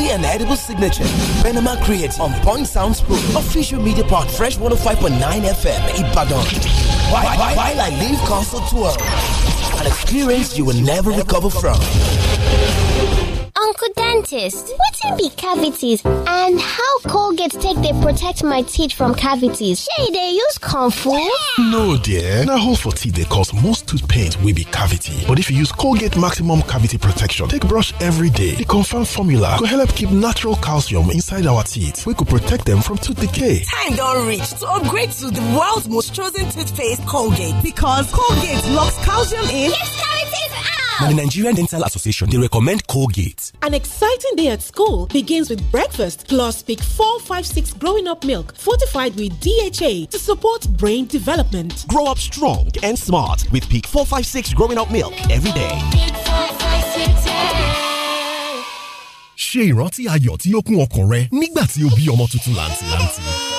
Lovely and edible signature. Benama creates on Point Sounds Pro. Official media part. Fresh 105.9 FM. Ibadan. Why, why, while I leave concert tour. An experience you will never recover from. Uncle Dentist, wetin be cavities and how Colgate take they protect my teeth from cavities? Shey they dey use comfort? No dear, Now, hole for teeth they cause most tooth pains will be cavity. But if you use Colgate Maximum Cavity Protection take brush every day, the confirmed formula go help keep natural calcium inside our teeth We could protect them from tooth decay. Time don't reach to upgrade to the world's most chosen toothpaste Colgate because Colgate locks calcium in. Yes, cavities out! Ah! Now, the Nigerian Dental Association, they recommend Colgate. An exciting day at school begins with breakfast plus Peak 456 growing up milk fortified with DHA to support brain development. Grow up strong and smart with Peak 456 growing up milk every day. Ṣe ìrántí ayọ̀ tí ó kún ọkàn rẹ nígbà tí o bí ọmọ tuntun làǹtìlanti.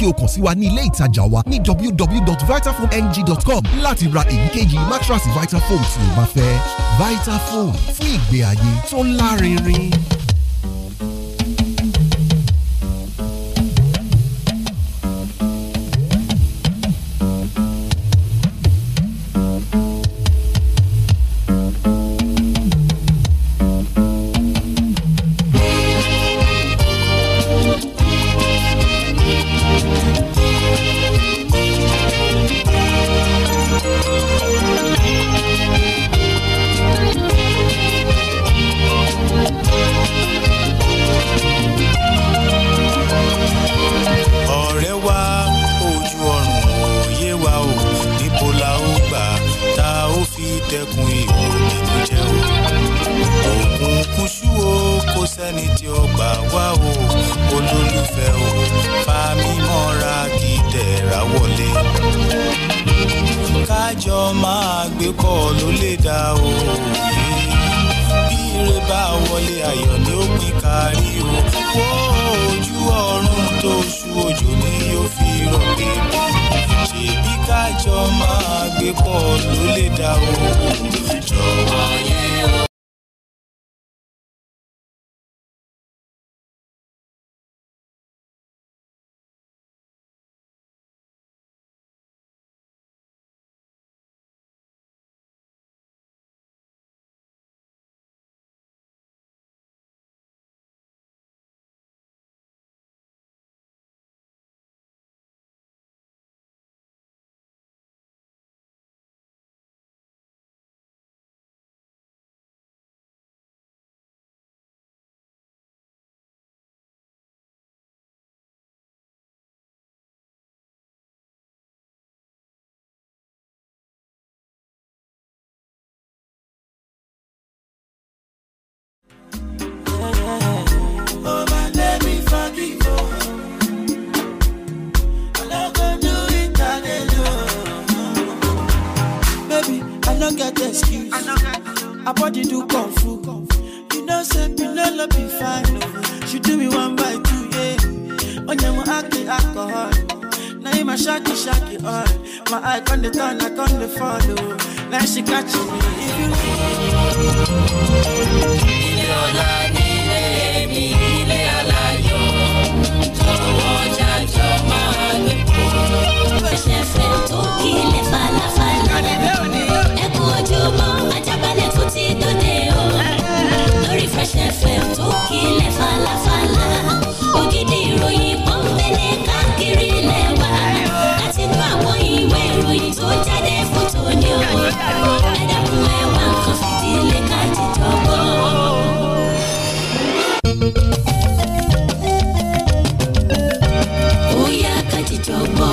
kí o kàn sí wa ní ilé ìtajà wa ní www.vitafoamng.com láti ra èyíkéyìí mátrasì Vitafoam tí o bá fẹ́ Vitafoam fún ìgbé ayé tó lárinrin. òjò ni yóò fi rọ̀ kéèké ṣèbí kájọ máa gbé pọ̀ ló lè dá o jọ̀wọ́ yẹn. excuse. I body do kung fu. You know, say Pinelo be fine. Oh. She do me one by two, yeah. Onye mo aki alcohol. Now you my shaggy shaggy all. Oh. My eye on the turn, I on the follow. Now she catch me. If you Ilola nílé mi, ilé aláyọ̀, jọ̀wọ́ jájọ́ máa lè kó. Fresh FM tó kílẹ̀ falafala. Fresh FM tó kílẹ̀ falafala ògidì ìròyìn pọ́npẹ́lẹ́ káàkiri lẹ́wà láti gbọ́ àwọn ìwé ìròyìn tó jáde fún tòní o ẹ dẹ́kun ẹ wá nǹkan fìdílé káàdì jọ̀gbọ́. Bóyá káàdì jọ̀gbọ́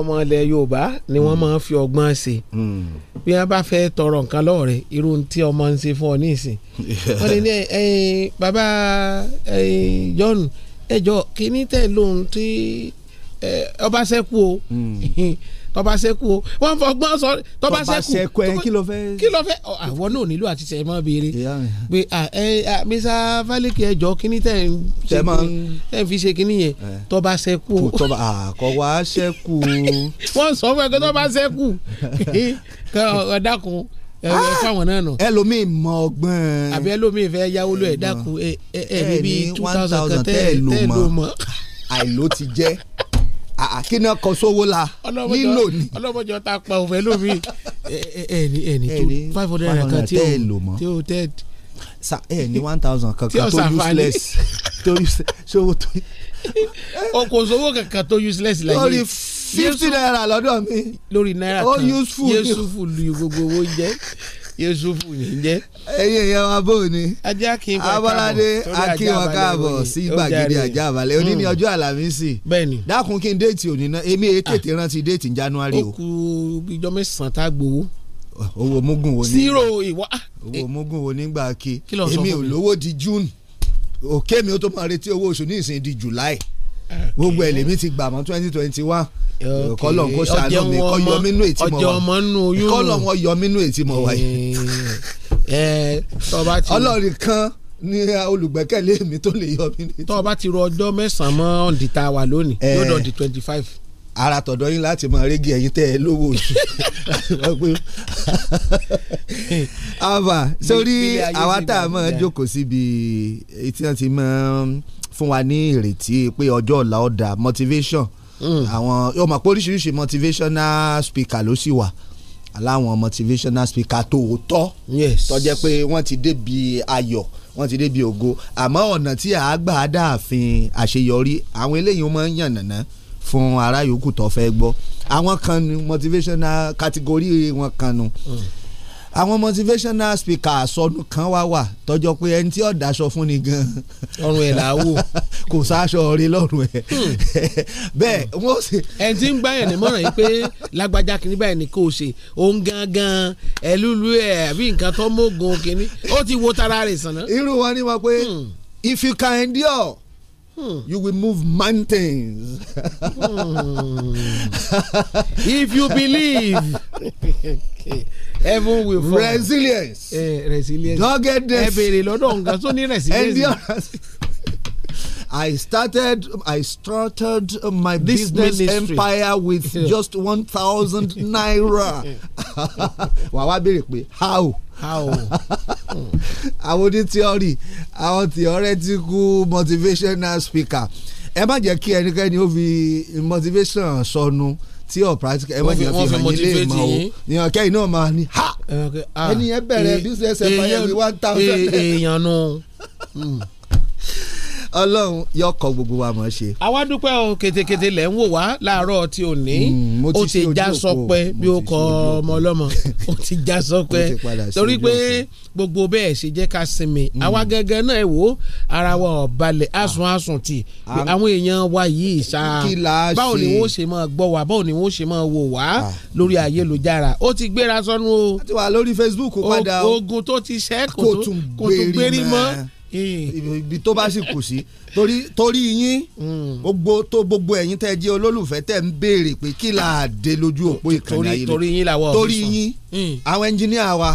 ọmọ ilẹ̀ Yorùbá ni wọ́n hmm. máa ń fi ọgbọ́n ṣe hmm. bí wọ́n bá fẹ́ tọrọ nǹkan lọ́wọ́ rẹ̀ irú tí ọmọ ń ṣe fún ọ nísìn wọ́n lè ní bàbá John ẹjọ́ kí ní tẹ̀ lóhun tí ọba ṣẹ́kù o hmm. tọ́ba sẹ́kù o wọ́n fọgbọ́n sọ tọ́ba sẹ́kù kí ló fẹ́. kí ló fẹ́ àwọn náà nílò àti sẹ́ béèrè pé ẹ mísà fálẹ́kì ẹ̀jọ́ kíní tẹ̀ ń tẹ̀ ń fi ṣe kíní yẹn tọ́ba sẹ́kù o. tọ́ba àkọ́ wa sẹ́kù. wọ́n sọ fún ẹ pé tọ́ba sẹ́kù ọ̀dàkùn ẹ ah! fáwọn náà nù. ẹlòmíì mọ ọgbọ́n. àbí ẹlòmíì fẹ́ yáwó lọ ẹ̀ dákun ẹ ẹ ẹ bíi two thousand kan tẹ́ ẹ lò mọ́ àìló ti jẹ́ Ah, ah, kí náà kọ sówó la nílò ni. ọlọ́mọjọ ta pa òfẹ́ lómi ẹni ẹni tó five hundred naira kan tí o tí o tẹ́ sa ẹ ní one thousand kankan tó useless tó useless ṣòwò tó. o kò sówó kankan tó useless la yìí. lórí fifty naira lọ́dọ̀ mi. lórí naira kan ó useful ni gbogbo owó jẹ́ yusufu yìí jẹ́. ẹyẹ ìyá wa bò ní. ajá kí n bá abọ́ládé akínwá káàbọ̀ sí gbàgede ajá àbálẹ̀ òní ní hmm. ọjọ́ àlàmísì. bẹ́ẹ̀ni dákun kí n déètì òní náà èmi èyí ah. tètè rántí déètì january o. ó ku ìjọ́ mẹ́sàn-án tá a gbowó. owó mugun wo ní. zero ìwọ. Ah, owó eh. mugun wo nígbà kí èmi ò lówó di june òkè mi ó tó máa retí owó oṣù ní ìsìn di july gbogbo ẹ̀ lèmi ti gbà mọ́ twenty twenty one kọlọ̀ kó ṣàánú mi kọ́ yọ mínú ètí mọ̀ wáyé kọ́lọ̀ wọn yọ mínú ètí mọ̀ wáyé ọlọ́run kan ní olùgbẹ́kẹ̀lé mi tó lè yọ mí. tọ́ ọ bá ti rọ ọjọ́ mẹ́sàn-án mọ́ ọ̀ǹdì tá a wà lónìí yóò dọ̀ di twenty five ara tọ̀dọ̀ yín láti mọ régi ẹ̀yin tẹ́ ẹ lówó oṣù àbá sórí àwa tá a máa jókòó síbi tí wọ́n ti máa fún wa ní ìrètí pé ọjọ́ ọ̀la ọ̀dà motivation hmm. àwọn yóò mọ̀ pé oríṣiríṣi motivational speaker ló sì wà aláwọn motivational speaker tòótọ́ tó jẹ́ pé wọ́n ti débi ayọ̀ wọ́n ti débi ògo àmọ́ ọ̀nà tí a gbà dáàfin àṣeyọrí àwọn eléyìí máa ń yànnàná fún ará yòókù tó fẹ́ gbọ́ àwọn kan nu motivational category wọn kan nu. Mm àwọn motivational speaker sọnù kan wá wà tọjọ pé ẹni tí ọ̀dà aṣọ fún ni gan ọrùn ẹ̀ làwò kò sáṣọ ọ̀rẹ́ lọ́rùn ẹ̀ hmm. bẹ́ẹ̀ wọ́n sì. ẹni tí ń gbá yẹn nímọ̀ràn yìí pé lágbájá kìíní báyìí ni kò ṣe òun gangan ẹlúlu ẹ̀ àbí nǹkan tó mógun kìíní ó ti wo tara rẹ̀ sànná. irú wọn ni wọn pé hmm. if you can endure Hmm. You will move mountains. Hmm. if you believe, okay. heaven will fall. Resilience. Eh, resilience. Doggedness. Eh, Endurance. I started I started my this business ministry. empire with just one thousand naira. how? àwọn oní tíọ́rì àwọn theoretical motivational speaker ẹ má jẹ́ kí ẹnikẹ́ni ó fi motivation sọnù tí ọ̀ practical ẹ má jẹ́ fi hàn yín lè mọ̀ o ìyàn kẹ́yìn náà máa ní ha ah, ẹni yẹn bẹ̀rẹ̀ e, business ẹ̀ fàyẹ̀ wí one thousand. E, e, èèyàn nù. ọlọ́run yọkọ̀ gbogbo wa mọ̀ ṣe. àwa dúpẹ́ o kètèkètè lẹ̀ ń wò wá láàárọ̀ tí ò ní o ti já sọpẹ́ bí o kọ ọmọ ọlọ́mọ o ti já sọpẹ́ torí pé gbogbo bẹ́ẹ̀ ṣe jẹ́ ká sinmi hmm. àwa gẹ́gẹ́ náà ẹ̀ wò ara wa ò balẹ̀ asùn asùn tì àwọn èèyàn wa yìí ṣá báwo ni wọ́n ṣe máa gbọ́ wa báwo ni wọ́n ṣe máa wò wá lórí ayélujára ó ti gbéra sọnù o. Facebook padà o. ogun tó ti ṣẹ́ kò tó gbérí mọ́ ibi tó bá sì kù sí torí torí yín mm. gbogbo tó gbogbo ẹ̀yin tẹ́ jẹ́ olólùfẹ́ tẹ́ ń béèrè pé kí là á dé lójú òpó ìkànnì ayélujára torí yín làwọn torí yín mm. àwọn ẹnjìníà wa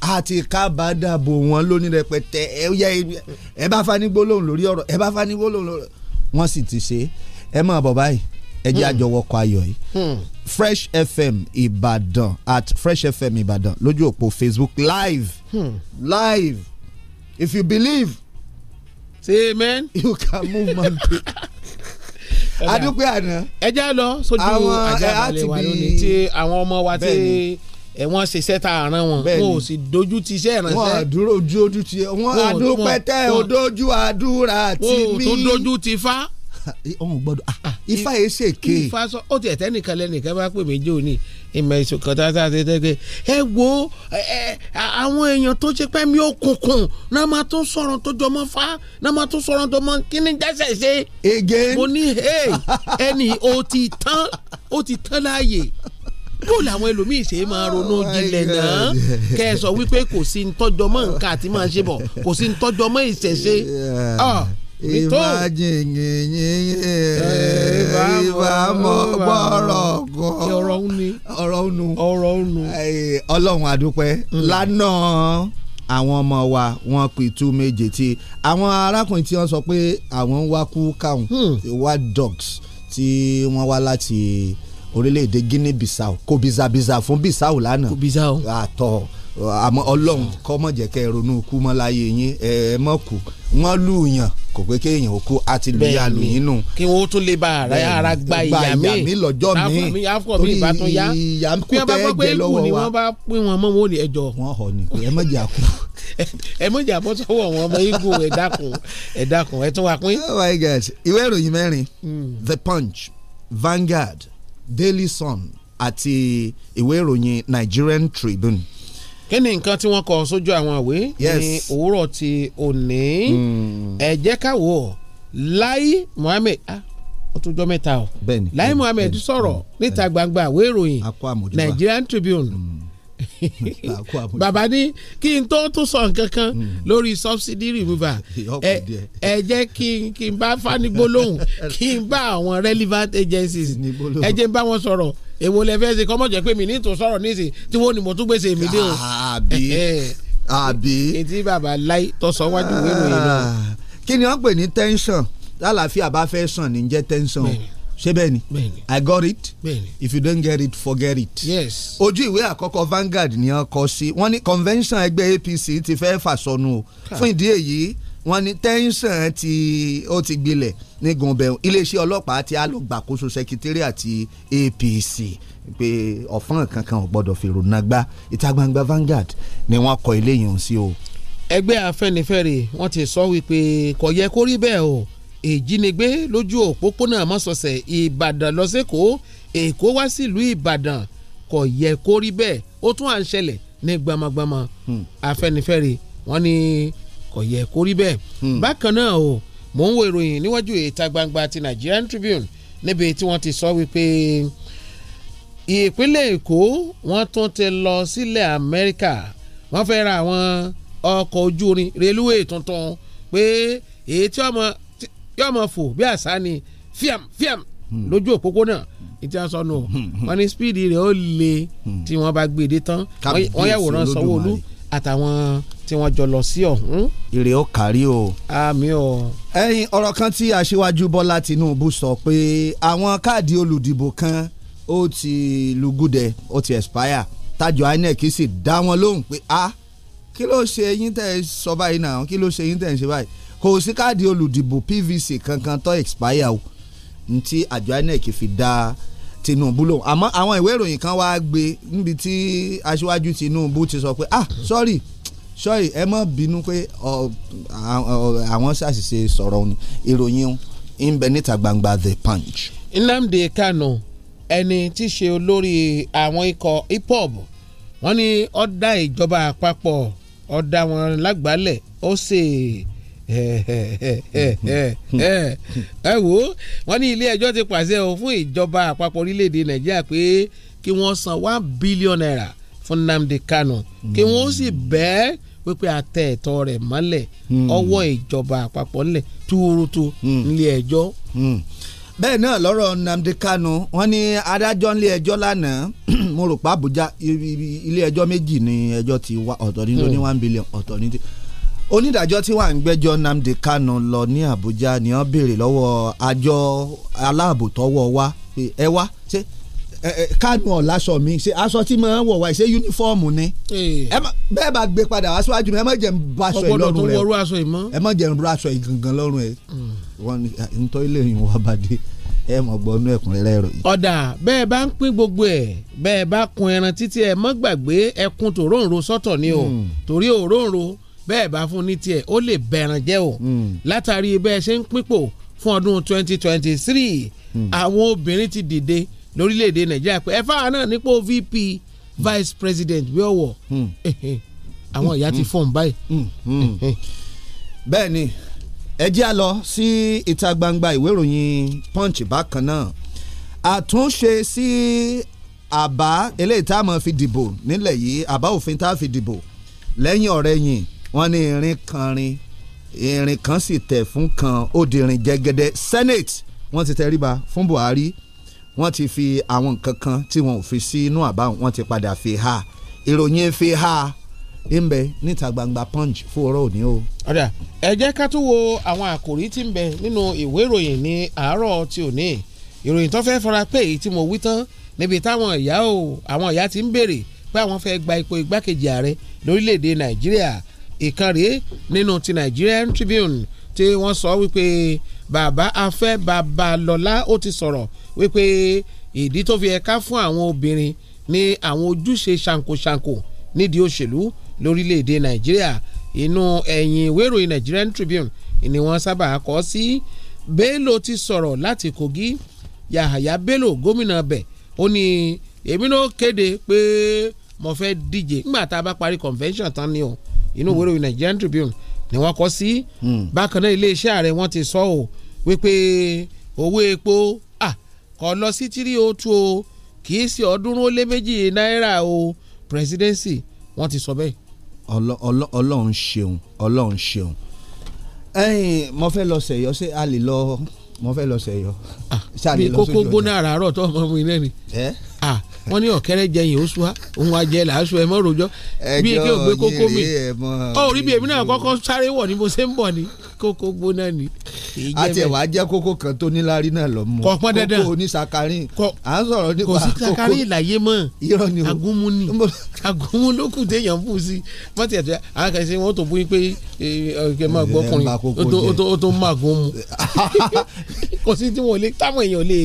àti kábàdàbò wọn lónìí rẹpẹtẹ ẹ bá fani gbólóhùn lórí ọ̀rọ̀ ẹ bá fani gbólóhùn lórí wọn sì ti ṣe ẹ mọ̀ bọ̀ báyìí ẹ jẹ́ mm. àjọwọ́ kọ ayọ̀ yìí Fresh FM Ibadan at Fresh FM Ibadan. lójú òpó Facebook live live if you believe say amen you can move mountain. adúpẹ́ àná. ẹ já lọ sójú àjàbalẹ̀ wa lónìí tí àwọn ọmọ wa ti ẹ wọ́n ṣe iṣẹ́ tá a rán wọn wọn ò sì dojú ti iṣẹ́ ìránṣẹ́. wọn àdúró ojú ojú ti wọn àdúpẹ́tẹ́ òdojú àdúrà ti mí. wọn ò tó dojú ti fa. ọ̀hún gbọ́dọ̀ ah, ah, ifá yìí ṣe ké. ifá sọ ó ti ẹ̀tẹ́ nìkan lẹ́nìkan bá pè mí jò ní ìmọ̀ èso kan tá a ti tẹ́gbẹ́ ẹ wo àwọn èèyàn tó ṣe pẹ́ mi òkùnkùn náà máa tún sọ̀rọ̀ tó jọmọ fá náà máa tún sọ̀rọ̀ tó mọ kí ni jẹ́sẹ̀ ṣe. ege mo ní ẹni o ti tán o ti tán láàyè bó làwọn ẹlòmíì ṣe máa ronú oh jinlẹ̀ náà kẹ ẹ sọ wípé kò sí ntọ́jọmọ́ nǹkan àti máa ṣe bọ̀ kò sí ntọ́jọmọ́ ìṣẹ̀ṣe. Ah ìbájìnyìnyìn ìbámọ́gbọ́rọ̀ gan. ọ̀rọ̀ unu. ọ̀rọ̀ unu. ọ̀rọ̀ unu. ọlọ́run àdúpẹ́ lánàá àwọn ọmọ wa wọn pitú méje tí àwọn arákùnrin tí wọ́n sọ pé àwọn ń wá kú káwọn wá dogs tí wọ́n wá láti orílẹ̀-èdè Guinea-Bissau kò bizabiza fún Bissau lánàá. kò Bissau. àtọ̀. Ah, àmọ́ ọlọ́run kọ́ mọ̀ jẹ́ kẹ́ ronú kú mọ́ láyé yín ẹ ẹ kú wọ́n lù yàn kò pé kéèyàn ó àti lu lù yín nù. kí wọ́n tún lè ba ara ara gba ìyá mi lọ́jọ́ mi torí ìyá kò tẹ́ ẹ jẹ lọ́wọ́ wa. bí bá pín wọn mọ́ wọn ò ní ẹjọ́. wọ́n họ ni pé ẹ mọ̀ jà kú. ẹ mọ̀ jà bọ́ sọ́wọ́ wọn ọmọ igun ẹ dákun ẹ tún wá pín. my god ìwé ìròyìn mẹ́rin hmm. The Punch, Vanguard, Daily Sun àti ìwé ìròyìn Nigerian Tribune kí ni nǹkan tí wọ́n kọ sójú àwọn ìwé ní òwúrọ̀ ti òní hmm. ẹ jẹ́ ká wò Lai ah, ó tún jọ mẹ́ta o Lai Muhammed sọ̀rọ̀ hmm, níta gbangba ìwé ìròyìn Nigerian Tribune. Hmm. bàbá ní kí n tó tún sọ nǹkan kan lórí subsidy removal ẹ jẹ́ kí kí n bá fanigbólóhùn kí n bá àwọn relevant agencies ẹ jẹ́ n bá wọn sọ̀rọ̀ èwo lẹ fẹ́ ṣe kọ́mọ̀ jẹ́ pé mi ní tò sọ̀rọ̀ níìsín tí wọ́n ní mo tún gbèsè mi dé o. àbí àbí. etí bàbá láì tọ́sọ̀ wájú wẹ́rù yìí náà. Ah, kí ni wọ́n pè ní tension lálàáfíà bá fẹ́ sàn ní jẹ́ tension ṣé bẹ́ẹ̀ ni i got it bẹ́ẹ̀ni. if you don't get it forget it. yes. ojú ìwé àkọ́kọ́ Vanguard ni wọ́n kọ sí wọ́n ní convention ẹgbẹ́ APC ti fẹ́ fàṣọnù o fún ìdí èyí wọ́n ní tẹ́ńsán tí ó ti gbilẹ̀ ní gunbẹ̀hún iléeṣẹ́ ọlọ́pàá tí a sẹkítírì àti APC pé ọ̀fọ́n kankan ò gbọ́dọ̀ fèrò nàgbà ìta gbangba Vanguard ni wọ́n kọ ilé yìí sí o. ẹgbẹ́ Afẹ́nifẹ́re wọ́n ti sọ wípé kò yẹ kó rí bẹ́ẹ̀ o ìjínigbé lójú òpópónà mọ́sọ̀ọ̀sẹ̀ Ìbàdàn lọ sẹ́kọ̀ọ́ Èkó wá sílùú Ìbàdàn kò yẹ kó rí bẹ́ẹ̀ ó tún à ń ṣẹlẹ̀ ní gbamagbama hmm. Afẹ́nifẹ́re wọ́n ní kò yẹ kó rí bẹ́ẹ̀. Hmm. bákan náà o mò ń wo ìròyìn níwájú ìta gbangba ti Nigerian Tribune níbi tí wọ́n ti sọ wípé ìpínlẹ̀ Èkó wọ́n tún ti lọ sílẹ̀ Amẹ́ríkà wọ́n fẹ́ ra àwọn ọkọ̀ ojú irin reluwé tuntun pé èyí tí ọmọ yóò mọ̀ fò bí àṣà ni fíàm fíàm hmm. lójú òpópónà ìtí a sọ nù hmm, wọn ní spíìdì rẹ̀ ó le tí wọ́n bá gbèdé e tán wọ́n yàwòrán sanwó àtàwọn tí wọ́n jọ lọ sí ọ̀hún. ire ó kárí o. àmì o. ẹyin ọ̀rọ̀ kan tí aṣíwájú Bọ́lá Tinubu sọ pé àwọn káàdì olùdìbò kan ó ti lùgùdẹ̀ ó ti expire tájọ INEC sì dá wọn lóhùn pé a kí ló ṣe yín tẹ̀ ẹ́ sọ báyìí náà kí ló ṣe yín tẹ̀ ẹ́ ṣe báyìí kò sí káàdì olùdìbò PVC kankan tó expire o ntí àjọ INEC fi dá Tinubu lóhùn àmọ́ àwọn ìwé ìròyìn kan wá gbé níbi tí aṣíwájú Tinubu ti sọ pé ah sorry sọ́yì ẹ má bínú pé àwọn ṣàṣìṣe sọ̀rọ̀ ni ìròyìn ń bẹ níta gbangba the punch. Nnamdi Kanu ẹni tí í ṣe olórí àwọn ikọ̀ IPOB wọ́n ní ó dá ìjọba àpapọ̀ ó dá wọn lágbálẹ̀ ó sì ẹ wò ó wọ́n ní ilé ẹjọ́ ti pàṣẹ o fún ìjọba àpapọ̀ orílẹ̀‐èdè Nàìjíríà pé kí wọ́n san one billion naira fún Nnamdi Kanu kí wọ́n sì bẹ́ẹ̀ wípé a tẹ ẹ̀tọ́ rẹ̀ mọ́lẹ̀ hmm. ọwọ́ ìjọba àpapọ̀ ńlẹ̀ túurutu hmm. nílé ẹjọ́. Hmm. bẹ́ẹ̀ náà lọ́rọ̀ Nnamdi Kanu wọ́n ní adájọ́ nílé ẹjọ́ lánàá mo rò pa Àbújá ilé ẹjọ́ méjì ni ẹjọ́ ti wá ọ̀tọ̀ ní one billion ọ̀tọ̀ ní onídàájọ́ tí wàá ń gbẹ́jọ́ Nnamdi Kanu lọ ní Àbújá ni wọ́n béèrè lọ́wọ́ àjọ aláàbò tọ́wọ́ wa ẹ wá ṣé kánú ọ̀làṣọ mi ṣe aṣọ tí mo ń wọ̀ wá ṣe yunifọ́ọ̀mù ni eh. bẹ́ẹ̀ bá gbé padà wá síwájú mi ẹ má jẹ́ ń ba aṣọ yìí lọ́rùn rẹ ẹ má jẹ́ ń ru aṣọ yìí gangan lọ́rùn ẹ hmm. wọ́n ní ntọ́ ilé yìí wọ́n bá dé ẹ mọ̀ gbọ́ inú ẹ̀kúnrẹ́rẹ́ rẹ̀. ọ̀dà bẹ́ẹ̀ bá ń pín gbogbo ẹ̀ bẹ́ẹ̀ bá kun ẹran títí ẹ mọ́ gbàgbé ẹkun tòróǹro sọ́tọ̀ ni o hmm. torí òróǹro bẹ́ẹ̀ bá fún ní tiẹ̀ ó lè bẹ̀ràn jẹ́ o hmm. látàrí bẹ́ẹ̀ ṣe ń pípò fún ọdún twenty twenty three àwọn obìnrin ti dìde lórílẹ̀‐èdè nàìjíríà pé ẹ fáwọn náà nípò vp vice president bí ọ̀wọ̀ hmm. hmm. àwọn ìyá ti fọ̀n báyìí. Hmm. bẹ́ẹ̀ ni ẹ jẹ́ a lọ sí ìta gbangba ìwé ìròyìn punch bákan náà àtúnṣe sí àbá eléyìí tá a máa fi dìbò nílẹ̀ yìí àbá òfin tá a fi dìbò lẹ́yìn ọ̀rẹ́ yìn wọ́n ní irin kan rin irin kan sì tẹ̀ fún kan ó di irin jẹ́gẹ́dẹ́ senate wọ́n ti tẹríba fún buhari wọ́n ti fi àwọn nǹkan kan tí wọn ò fi sí inú àbá wọn ti padà fi ha ìròyìn fi ha ń bẹ níta gbangba punch fòrọ̀ òní o. ọ̀dà ẹ jẹ́ ká tún wo àwọn àkòrí tí ń bẹ nínú ìwé ìròyìn ní àárọ̀ tí ò ní ìròyìn tó fẹ́ fọra pé èyí tí mo wí tán níbi táwọn ìyá o àwọn ìyá ti ń béèrè pé àwọn fẹ́ gba ipò igbákejì ààrẹ lórílẹ̀‐èdè nàìjíríà ìkan nínú ti Nigerian Tribune tí wọ́n sọ wípé bàbá afẹ́ babalọ́lá ó ti sọ̀rọ̀ wípé ìdí tó fi ẹ̀ka fún àwọn obìnrin ní àwọn ojúṣe ṣàǹkóṣàǹkó nídìí òṣèlú lórílẹ̀‐èdè nàìjíríà inú ẹ̀yìn ìwé ìròyìn Nigerian Tribune ni wọ́n sábà kọ sí Bello ti sọ̀rọ̀ láti Kogi Yahaya Bello gómìnà bẹ̀ ó ní èmi náà kéde pé mo fẹ́ díje nígbà tá a bá parí convention tán ni o inú ìwé hmm. ìròyìn Nigerian Tribune ni wọ́n kọ sí hmm. bákan náà iléeṣẹ́ ààrẹ wọ́n ti sọ ọ́ wípé owó epo kò lọ sí tírí o oh tu o kì í sí ọ̀ọ́dúnrún ó lé méjì náírà o presidency wọ́n ti sọ bẹ́ẹ̀. ọlọ́run ṣeun ọlọ́run ṣeun ẹyin mo fẹ́ lọ sẹ̀yọ ṣé a lè lọ mo fẹ́ lọ sẹ̀yọ. bí kókó gbóná àràárọ̀ tó ọmọ mi náà ni wọ́n ní ọ̀kẹ́rẹ́ jẹyìn oṣù wa òun àjẹ làásù ẹ̀ mọ́ rojọ́ bí ike ògbé kókó mi ọ̀ rí bí èmi náà kọ́kọ́ sáré wọ̀ ni mo ṣe ń bọ̀ ni kókó gbóná ni. àti ẹ̀ wá jẹ́ kókó kan tó níláárí náà lọ mọ́ kò pọ́n dandan kókó ní sakarin à ń sọ̀rọ̀ nípa kókó kò sí sakarin láyé mọ́ irọ́ ni o agunmu ni agunmu ló téèyàn fún sí mọ́tì ẹ̀fẹ́ àwọn kan ṣe wọ́n tó bóyí pé ọ̀kẹ́ máa gbọ́kùnrin ó tó máa gun mu kò sí tí wọ́n lè táwọn èèyàn lè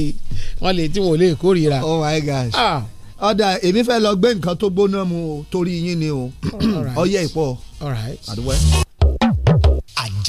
wọ́n lè tí wọ́n lè kórìíra. oh my gosh. Ah ọ̀dà èmi fẹ́ lọ gbé nǹkan tó gbóná mu torí yín ni o ọyẹ ìpọ̀ àdúgbò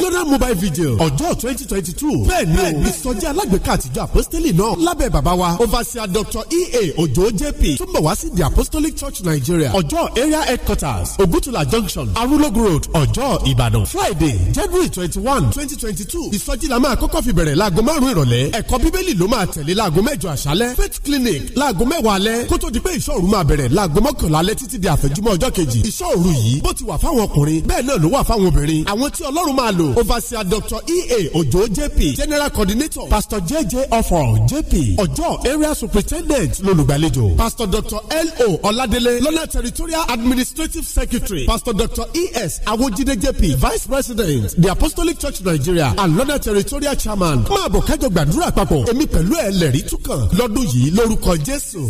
lọ́nà mobile vigil ọjọ́ twenty twenty two bẹ́ẹ̀ ni ìsọjí alágbèéká àtijọ́ apostoli náà lábẹ́ bàbá wa overseer doctor ea ojo jp túnbọ̀ wá sí the apostolic church nigeria ọjọ́ area headquarters ogutula junction arúlógún road ọjọ́ ìbàdàn friday january twenty one twenty twenty two ìsọjí la máa kọ́kọ́ fi bẹ̀rẹ̀ láago márùn-ún ìrọ̀lẹ́ ẹ̀kọ́ bíbélì ló máa tẹ̀lé láago mẹ́jọ àṣálẹ́ faith clinic láago mẹ́wàá alẹ́ kó tó di pé ìṣọ́òru máa bẹ̀rẹ̀ láago mọ́kànlá alẹ́ títí di àfẹ̀júmọ́ ọjọ́ kejì ìṣọ́òru yìí yìí bó ti wà fáwọn ọkùnrin bẹ́ẹ̀ náà ló wà fáwọn obìnrin àwọn tí ọlọ́run máa lò overseer dr ea ojo jp general coordinator pastor jj ọfọ jp ọjọ́ area superintendent lolùgbàlejò pastor dr lo ọládélé lọ́nà territorial administrative secretary pastor dr es awojide jp vice president the apostolic church nigeria and lọ́nà territorial chairman máa bọ̀ kájọ gbàdúrà papọ̀ èmi pẹ̀lú ẹ̀ lẹ́rìí túkàn lọ́dún yìí lórúkọ jésù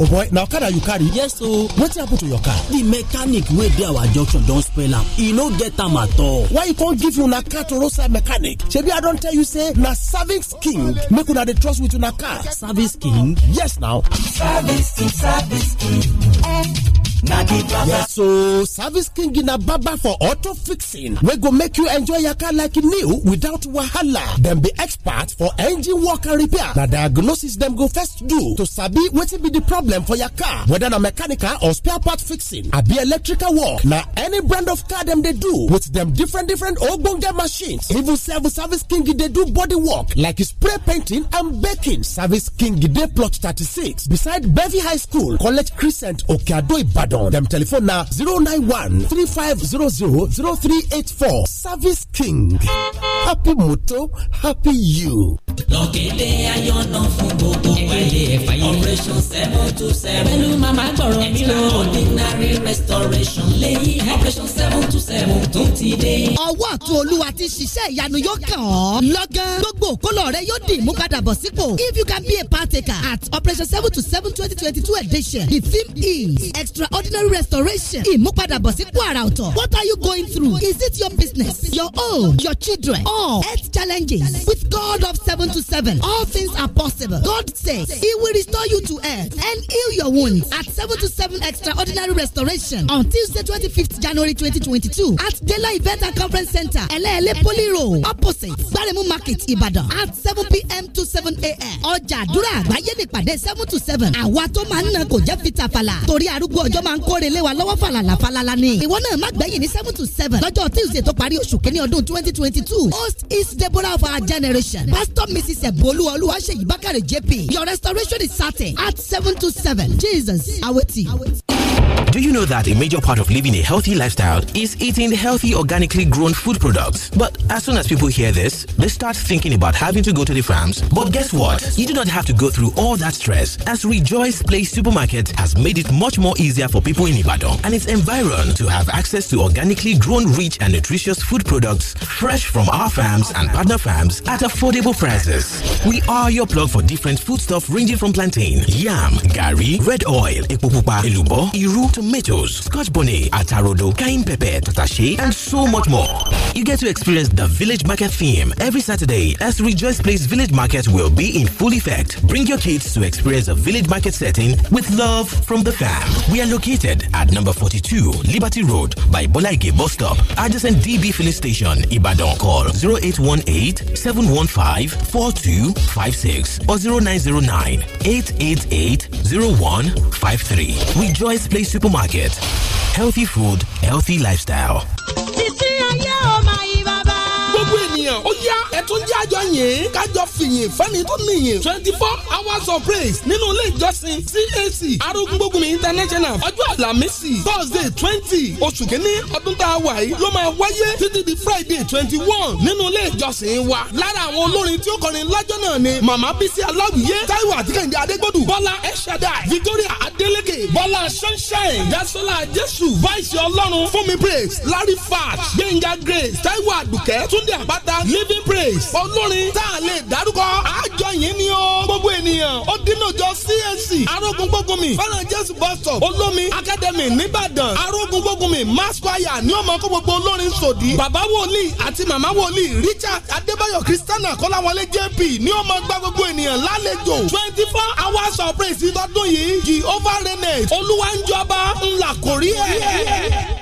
oh boy na okada you carry yes oh. wetin happen to your car the mechanic wey dey our junction don spoil am e no get am at all why you con give una car to roadside mechanic shebi i don tell you say na service king make una dey trust with una car service king yes now. service king service king eh, Yeah, so service king na Baba for auto fixing We go make you enjoy your car like new without wahala Then be expert for engine work and repair The diagnosis them go first do to sabi wetin be the problem for your car whether na mechanical or spare part fixing be electrical work na any brand of car them they do with them different different ogbonge machines even sef service king they do body work like spray painting and baking service king they plot thirty-six beside bevi high school college crescent okeado ibadan. ibadan dem telephone na zero zero zero zero nine one three five three eight four. service king happy moto happy you. lọ́kẹ́lẹ́ ayọ̀nà fún gbogbo ayé operation seven two seven. pẹ̀lú Mama gbọ̀rọ̀ mi o. extraordinary restoration lẹ́yìn operation seven two seven tó ti dé. ọwọ́ ọ̀tún olúwa ti ṣiṣẹ́ ìyanu yóò kàn án. lọ́gán gbogbo òkólọ̀ rẹ yóò di ìmúpadàbọ̀ sípò. if you can be a partaker at operation seven to seven twenty twenty two edition the theme is extraordinary extraordinary restoration ìmúpadàbọ̀sípò àrà ọ̀tọ̀. What are you going through? Is it your business, your own, your children, All health challenges? With God of seven to seven, all things are possible. God says He will restore you to health and heal your wounds at seven to seven extraordinary restoration on Tuesday, 25th January 2022 at Dela Event and Conference Center, Elele Poly Road, opposite Gbaremu Market, Ibadan at 7 p.m. to 7 a.m. Ọjà àdúrà àgbáyé nípàdé seven to seven. Àwa tó máa ń nà kò jẹ́ fitafala torí arúgbó ọjọ́ máa máa ń kórè lé wa lọ́wọ́ falala falala ni. ìwọ náà má gbẹ̀yìn ní seven to seven lọ́jọ́ tuesday tó parí oṣù kínní ọdún twenty twenty two host is deborah of our generation pastor mrs ebolu olúwaṣeyí bákàrẹ jp your restoration is certain at seven to seven jesus aweti. Do you know that a major part of living a healthy lifestyle is eating healthy, organically grown food products? But as soon as people hear this, they start thinking about having to go to the farms. But guess what? You do not have to go through all that stress, as Rejoice Place Supermarket has made it much more easier for people in Ibadan and its environ to have access to organically grown, rich, and nutritious food products fresh from our farms and partner farms at affordable prices. We are your plug for different foodstuff ranging from plantain, yam, gari, red oil, ekupupa, elubo, iru, tomatoes, scotch bonnet, atarodo, cayenne pepper, tatashe, and so much more. You get to experience the village market theme every Saturday as Rejoice Place Village Market will be in full effect. Bring your kids to experience a village market setting with love from the fam. We are looking. located at number 42 Liberty Road by Bolaige bus stop, adjacent DB filling station, Ibadan. Call 0818 715 4256 or 0909 888 0153. Rejoice Place Supermarket. Healthy food, healthy lifestyle ẹ tún jẹ́ àjọ yìí kájọ fìyìn fẹ́ni tó nìyìn twenty four hours of praise nínú ilé ìjọsìn CAC arógúngbógunmi international ọjọ́ àlàmísì thursday twenty oṣù kínní ọdún tá a wà yìí ló máa wáyé títí di friday twenty one nínú ilé ìjọsìn wa lára àwọn olórin tí ó kọrin lájọ́ náà ni màmá bísí aláwìyé táíwò àti kẹ́hìndé adégbòdù bọ́lá ẹ̀ṣadà victoria adélèké bọ́lá sunshine dasola jésù vice ọlọ́run fúnmi praise larry fat gbẹ̀ngà grace táíwò àdùkẹ́ túndé àbáta living praise praise olórin tá a lè dárúkọ àjọ yìí ni ó gbogbo ènìyàn ó dínàjọ CAC arógun gbógunmi fẹ́ràn jésù bus stop olómi academy nìbàdàn arógun gbógunmi mass choir ni ó mọ kó gbogbo olórin sòdí bàbá wòlíì àti màmá wòlíì richard adébáyọ̀ christiana kọ́láwọlé jp ni ó mọ gbá gbogbo ènìyàn lálejò twenty four hours of praise tọdún yìí jehovah renet olúwa ń jọba ńlá kò rí ẹ̀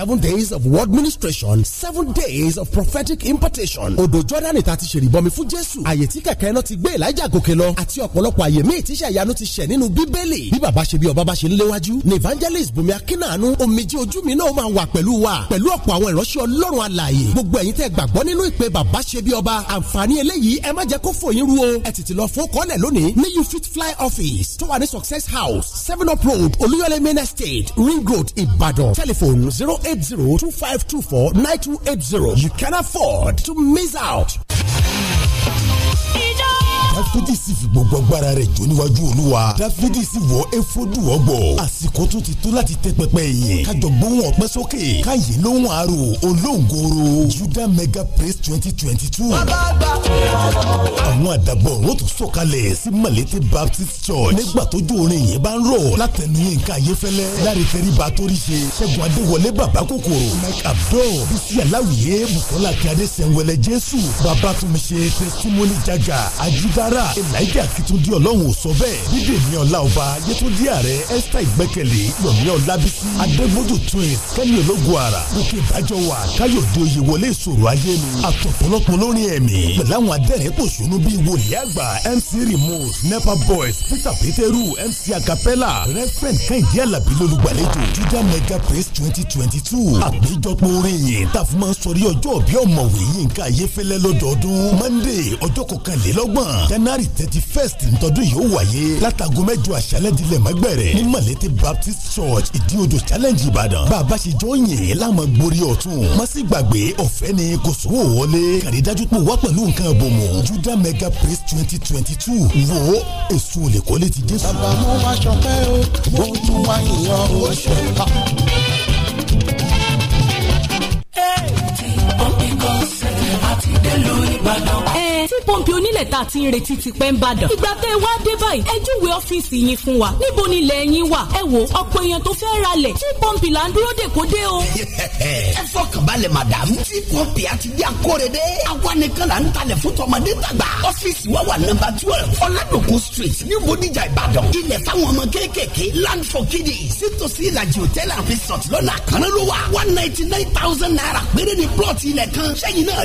seven days of word ministration seven days of prophetic impartation odò jordan ìta ti ṣèrìbọmi fún jésù àyè tí kẹ̀kẹ́ náà ti gbé elijah gòkè lọ àti ọ̀pọ̀lọpọ̀ àyè míì tíṣà ìyanu ti ṣẹ̀ nínú bíbélì bí baba ṣe bí ọba bá ṣe ń léwájú ni evangelist bùnmi akínàánú omijì ojú mi náà máa wà pẹ̀lú wa pẹ̀lú ọ̀pọ̀ àwọn ìránṣẹ́ ọlọ́run alààyè gbogbo ẹ̀yin tẹ́ gbàgbọ́ fly office tó wà success house seven up road olúyọlé main ring road ìbàdàn telephone zero eight eight zero two five two four nine two eight zero. You can afford to miss out. dáfídì sì fi gbogbo agbára rẹ̀ jó níwájú olúwa dáfídì sì wọ efodu ọ̀gbọ̀ àsìkò tó ti tó láti tẹ́ pẹpẹ yìí kájọ gbóhùn ọpẹ́ sókè káyé lóhùn àrò olóńgòrò juda mega praise twenty twenty two. àwọn àdàbọ̀ wọ́n tún sọ̀kalẹ̀ sí malete baptist church nígbà tójú orin yẹn bá ń rọ̀ látẹnu Yínká Ayéfẹ́lẹ́ láre tẹríba torí ṣe ṣẹ́gun adéwọlé bàbá kòkòrò mike abdul bísí aláwìyé bukola kíadé sẹ́ńwẹ́lẹ́ jésù babatunmi testimony jaga ajídá rárá elijah ti tún di ọlọ́run ò sọ bẹ́ẹ̀ dídè ní ọlá ọba yẹtúndí ààrẹ esther ìgbẹ́kẹ̀lé yomi ọlábísí adégbòdù twins kẹ́mi ológun ara bùkẹ́ ìbájọ́ wa káyọ̀dé oyè wọlé ìṣòro ayé mi àtọ̀pọ̀lọpọ̀ lórí ẹ̀mí pẹ̀lú àwọn adẹ́rẹ́ pòṣónú bíi wòlíì àgbà mc remote nepa boys peter peteru mc acapella reverend kẹ́hìndé alábí lólùgbàlejò judah mega praise twenty twenty two àgbéjọpọ̀ orin yìí tàfùmọ̀ sọrí ọjọ́ bí ọmọwé yìí ń ká ayé fẹ́lẹ́ lọ́dọọdún monday ọjọ́ kọkànlélọ́gbọ̀n january thirty first ntọ́dún yìí ó wáyé látago mẹ́jọ àṣálẹ́ dilẹ̀ mẹ́gbẹ̀rẹ̀ ní malete baptist church ìdíodò challenge ìbàdàn bàbá ṣe jọ yìn láàmú gborí ọ̀tún má sì gbàgbé ọ̀fẹ́ ni kò sówó wọlé kàrí dájú pé wá pẹ̀lú nǹkan ìbomú judah mega praise twenty twenty two wo èso olè kọ́lé ti jésù. bàbá mo máa ṣọpẹ́ o mo tún wá ìyàn ó ṣe é bá. Hey! Because àti délùú Ìbàdàn. ẹ tí pọ́ǹpì onílẹ̀ tá a ti ń retí ti pẹ́ ń bàdàn. ìgbà tẹ́ ẹ wá dé báyìí ẹ júwe ọ́fíìsì yín fún wa níbo ni ilẹ̀ yín wà. ẹ wo ọ̀pọ̀ èèyàn tó fẹ́ ra lẹ̀ tí pọ́ǹpì là ń dúró dè kó dé o. ẹ fọkàn balẹ̀ màdàmú. tí pọ́ǹpì àti bí akóredé. àwa nìkan là ń talẹ̀ fún tọmọdé tàgbà. ọ́fíìsì wa wà nọ́mbà twelve ọ̀làdòkun street ní bodijà ìbàdàn. one ninety nine thousand naira péré ni plọ̀tì ilẹ̀ kan. sẹ́yìn náà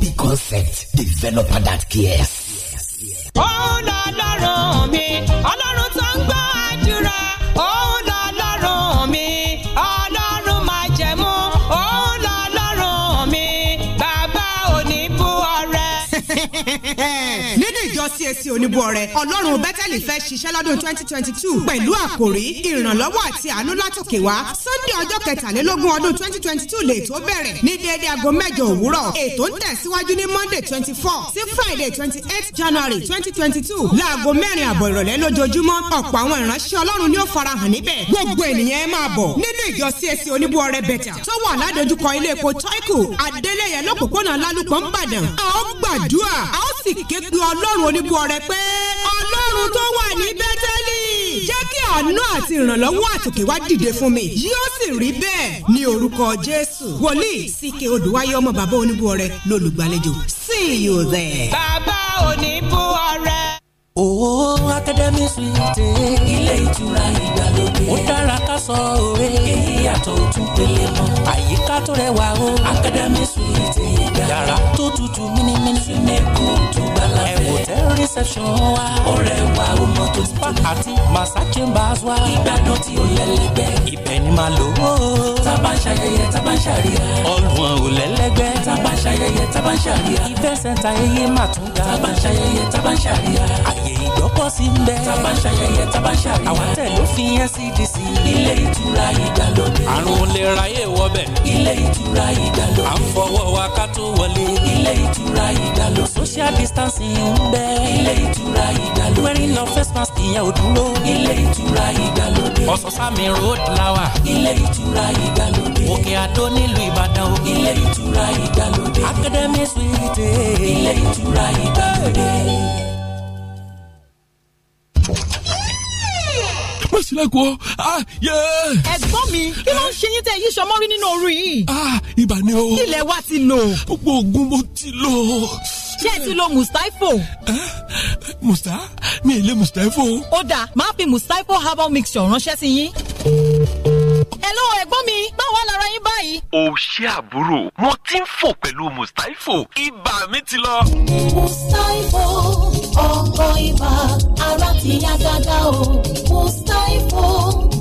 OB Concept developer that cares. ó lọ lọ́rùn mi ọlọ́run tó ń gbọ́ àdúrà oníbọ̀rẹ̀ ọlọ́run bẹ́tẹ̀lì fẹ́ ṣiṣẹ́ lọ́dún twenty twenty two pẹ̀lú àkòrí ìrànlọ́wọ́ àti àánú látòkè wá sunday ọjọ́ kẹtàlélógún ọdún twenty twenty two lè tó bẹ̀rẹ̀ ní déédé aago mẹ́jọ òwúrọ̀ ètò ń tẹ̀síwájú ní monday twenty four sí friday twenty eight january twenty twenty two láago mẹ́rin àbọ̀ ìrọ̀lẹ́ lójoojúmọ́ ọ̀pọ̀ àwọn ìránṣẹ́ ọlọ́run ni ó farahàn níbẹ̀ gbogbo ènìyàn ẹ máa bọ̀ nínú ìjọ csc oníbọ̀rẹ̀ bẹ̀tà tó wà ládojúkọ ilé epo toyco adeleye lọ́pọ̀pọ̀nà lálùpọ̀ ń bàdàn a ó gbàdúrà a ó sì ké pe ọlọ́run oníbọ̀rẹ̀ pé ọlọ́run tó wà ní bẹ́tẹ́lì jẹ́ kí àánú àti ìrànlọ́wọ́ àtòkè wá dìde fún mi yóò sì rí bẹ́ẹ̀ ní orúkọ jésù wòlíì síkè olùwáyé ọmọ bàbá oníbú ọrẹ lólùgbàlejò see you there. bàbá oníbú ọrẹ. Owó Akademi Suite. Ilé ìtura ìgbàlódé. Ó dára ká sọ òwe. Èyí yàtọ̀ ojú pele mọ́. Àyíká tó rẹwà o. Akademi Suite ìgbà. Yàrá tó tutù mímímí. Súnmẹ́kù tó gbàlá fẹ́. Ẹ̀wò tẹ́rì confection wa. ọ̀rẹ́ wa o mọ tó ti tó. àti massa chambers wa. ìgbádùn tí o lẹ́lẹ́gbẹ́. ibẹ̀ ni màá lò ó. tábà ń ṣayẹyẹ tábà ń ṣàríyá. ọlùwọ̀n ò lẹ́lẹ́gbẹ́. tábà ń ṣayẹyẹ tábà ń ṣàríyá. ìfẹ́ sẹ́ńtà ẹyẹ mà tún ga. tábà ń ṣayẹyẹ tábà ń ṣàríyá. àyè ìgbọ́kọ̀ sí ń bẹ. tábà ń àwọn tẹ̀ ló fi NCDC. ilé ìtura ìdàlódé. àrùn olè ra yé wọbẹ̀. ilé ìtura ìdàlódé. à ń fọwọ́ wa ká tó wọlé. ilé ìtura ìdàlódé social distancing ń bẹ. ilé ìtura ìgbàlódé. wearing no face mask ìyẹn ò ilé ìtura ìgbàlódé. ọ̀sán-sámi road lawa. ilé ìtura ìgbàlódé. òkè àdó nílùú ìbàdàn o. ilé ìtura ìgbàlódé. academy suite. ilé ìtura ìgbàlódé. sílẹ̀kùn ọ́ yẹ. ẹ̀gbọ́n mi kí ló ń ṣe yín tẹ yí sọmọ́rí nínú òru yìí. Ah, ibà ni o. ilẹ̀ wa ti lò. gbogbo oògùn mo ti lò ṣé ẹ ti lo mustapho. musa mi ì lé mustapho. ó dáa máa fi mustapho herbal mixture ránṣẹ́ sí yín. Hello ẹ̀gbọ́n mi, báwo lára yín báyìí? O ṣé àbúrò, wọ́n ti ń fò pẹ̀lú Mustapho, ibà mi ti lọ. Mustapho, ọkọ̀ ibà, ara ti yá gágá o, Mustapho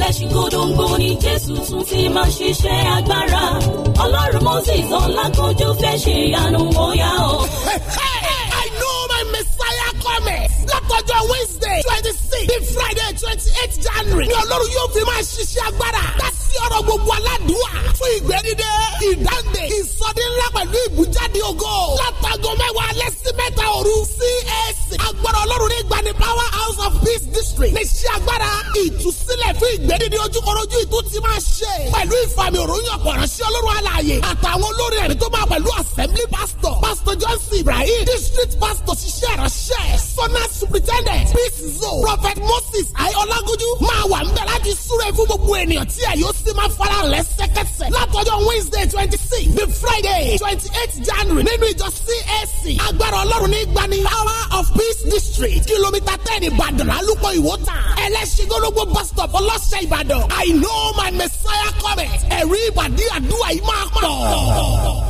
ẹlẹ́ṣin jésù tún ti máa ṣiṣẹ́ agbára ọlọ́run moses ọlákójú fẹ́ ṣe ìyanu wọ́yà o. I know my Messiah coming látọjọ́ Wednesday twenty six bíi friday twenty eight january ni ọlọ́run yóò fi máa ṣiṣẹ́ agbára dásí ọ̀rọ̀ gbogbo aládùúwà fún ìgbẹ́dídé ìdáǹdè ìsọdínlá pẹ̀lú ìbújáde ògo látago mẹ́wàá alẹ́ sí mẹ́ta òru csc agbára ọlọ́run ní ìgbani power house of peace district ní ṣe agbára ìtúsílẹ̀ fún ìgbẹ́dídé ojúkọ̀rọ̀jú ìtú ti máa ṣe pẹ̀lú ìfàmì òròyìn ọ̀pọ̀ ránṣẹ́ ọlọ́run alààyè àtàwọn olórí ẹ̀mí tó máa pẹ̀lú assembly pastor pastor johnson ibrahim district pastor ṣiṣẹ́ ránṣẹ́ sọ́nà superintendent peace zone prophet moses ayọ̀lágójú máa wà níbẹ̀ láti súre fún gbogbo ènìyàn tí a yóò sì máa fara lẹ́sẹ̀kẹsẹ̀ látọjọ́ wednesday twenty six the friday twenty eight january nínú ìjọ csc agbára ọlọ́run ní gbani power of peace district kìlómítà ten ìbàdàn alúpọ̀ ìwòta ẹlẹ́sìngólógbó bus stop ọlọ́sẹ̀ ìbàdàn i know my messiah coming ẹ̀rí ìbàdí àdúrà yìí máa pọ̀.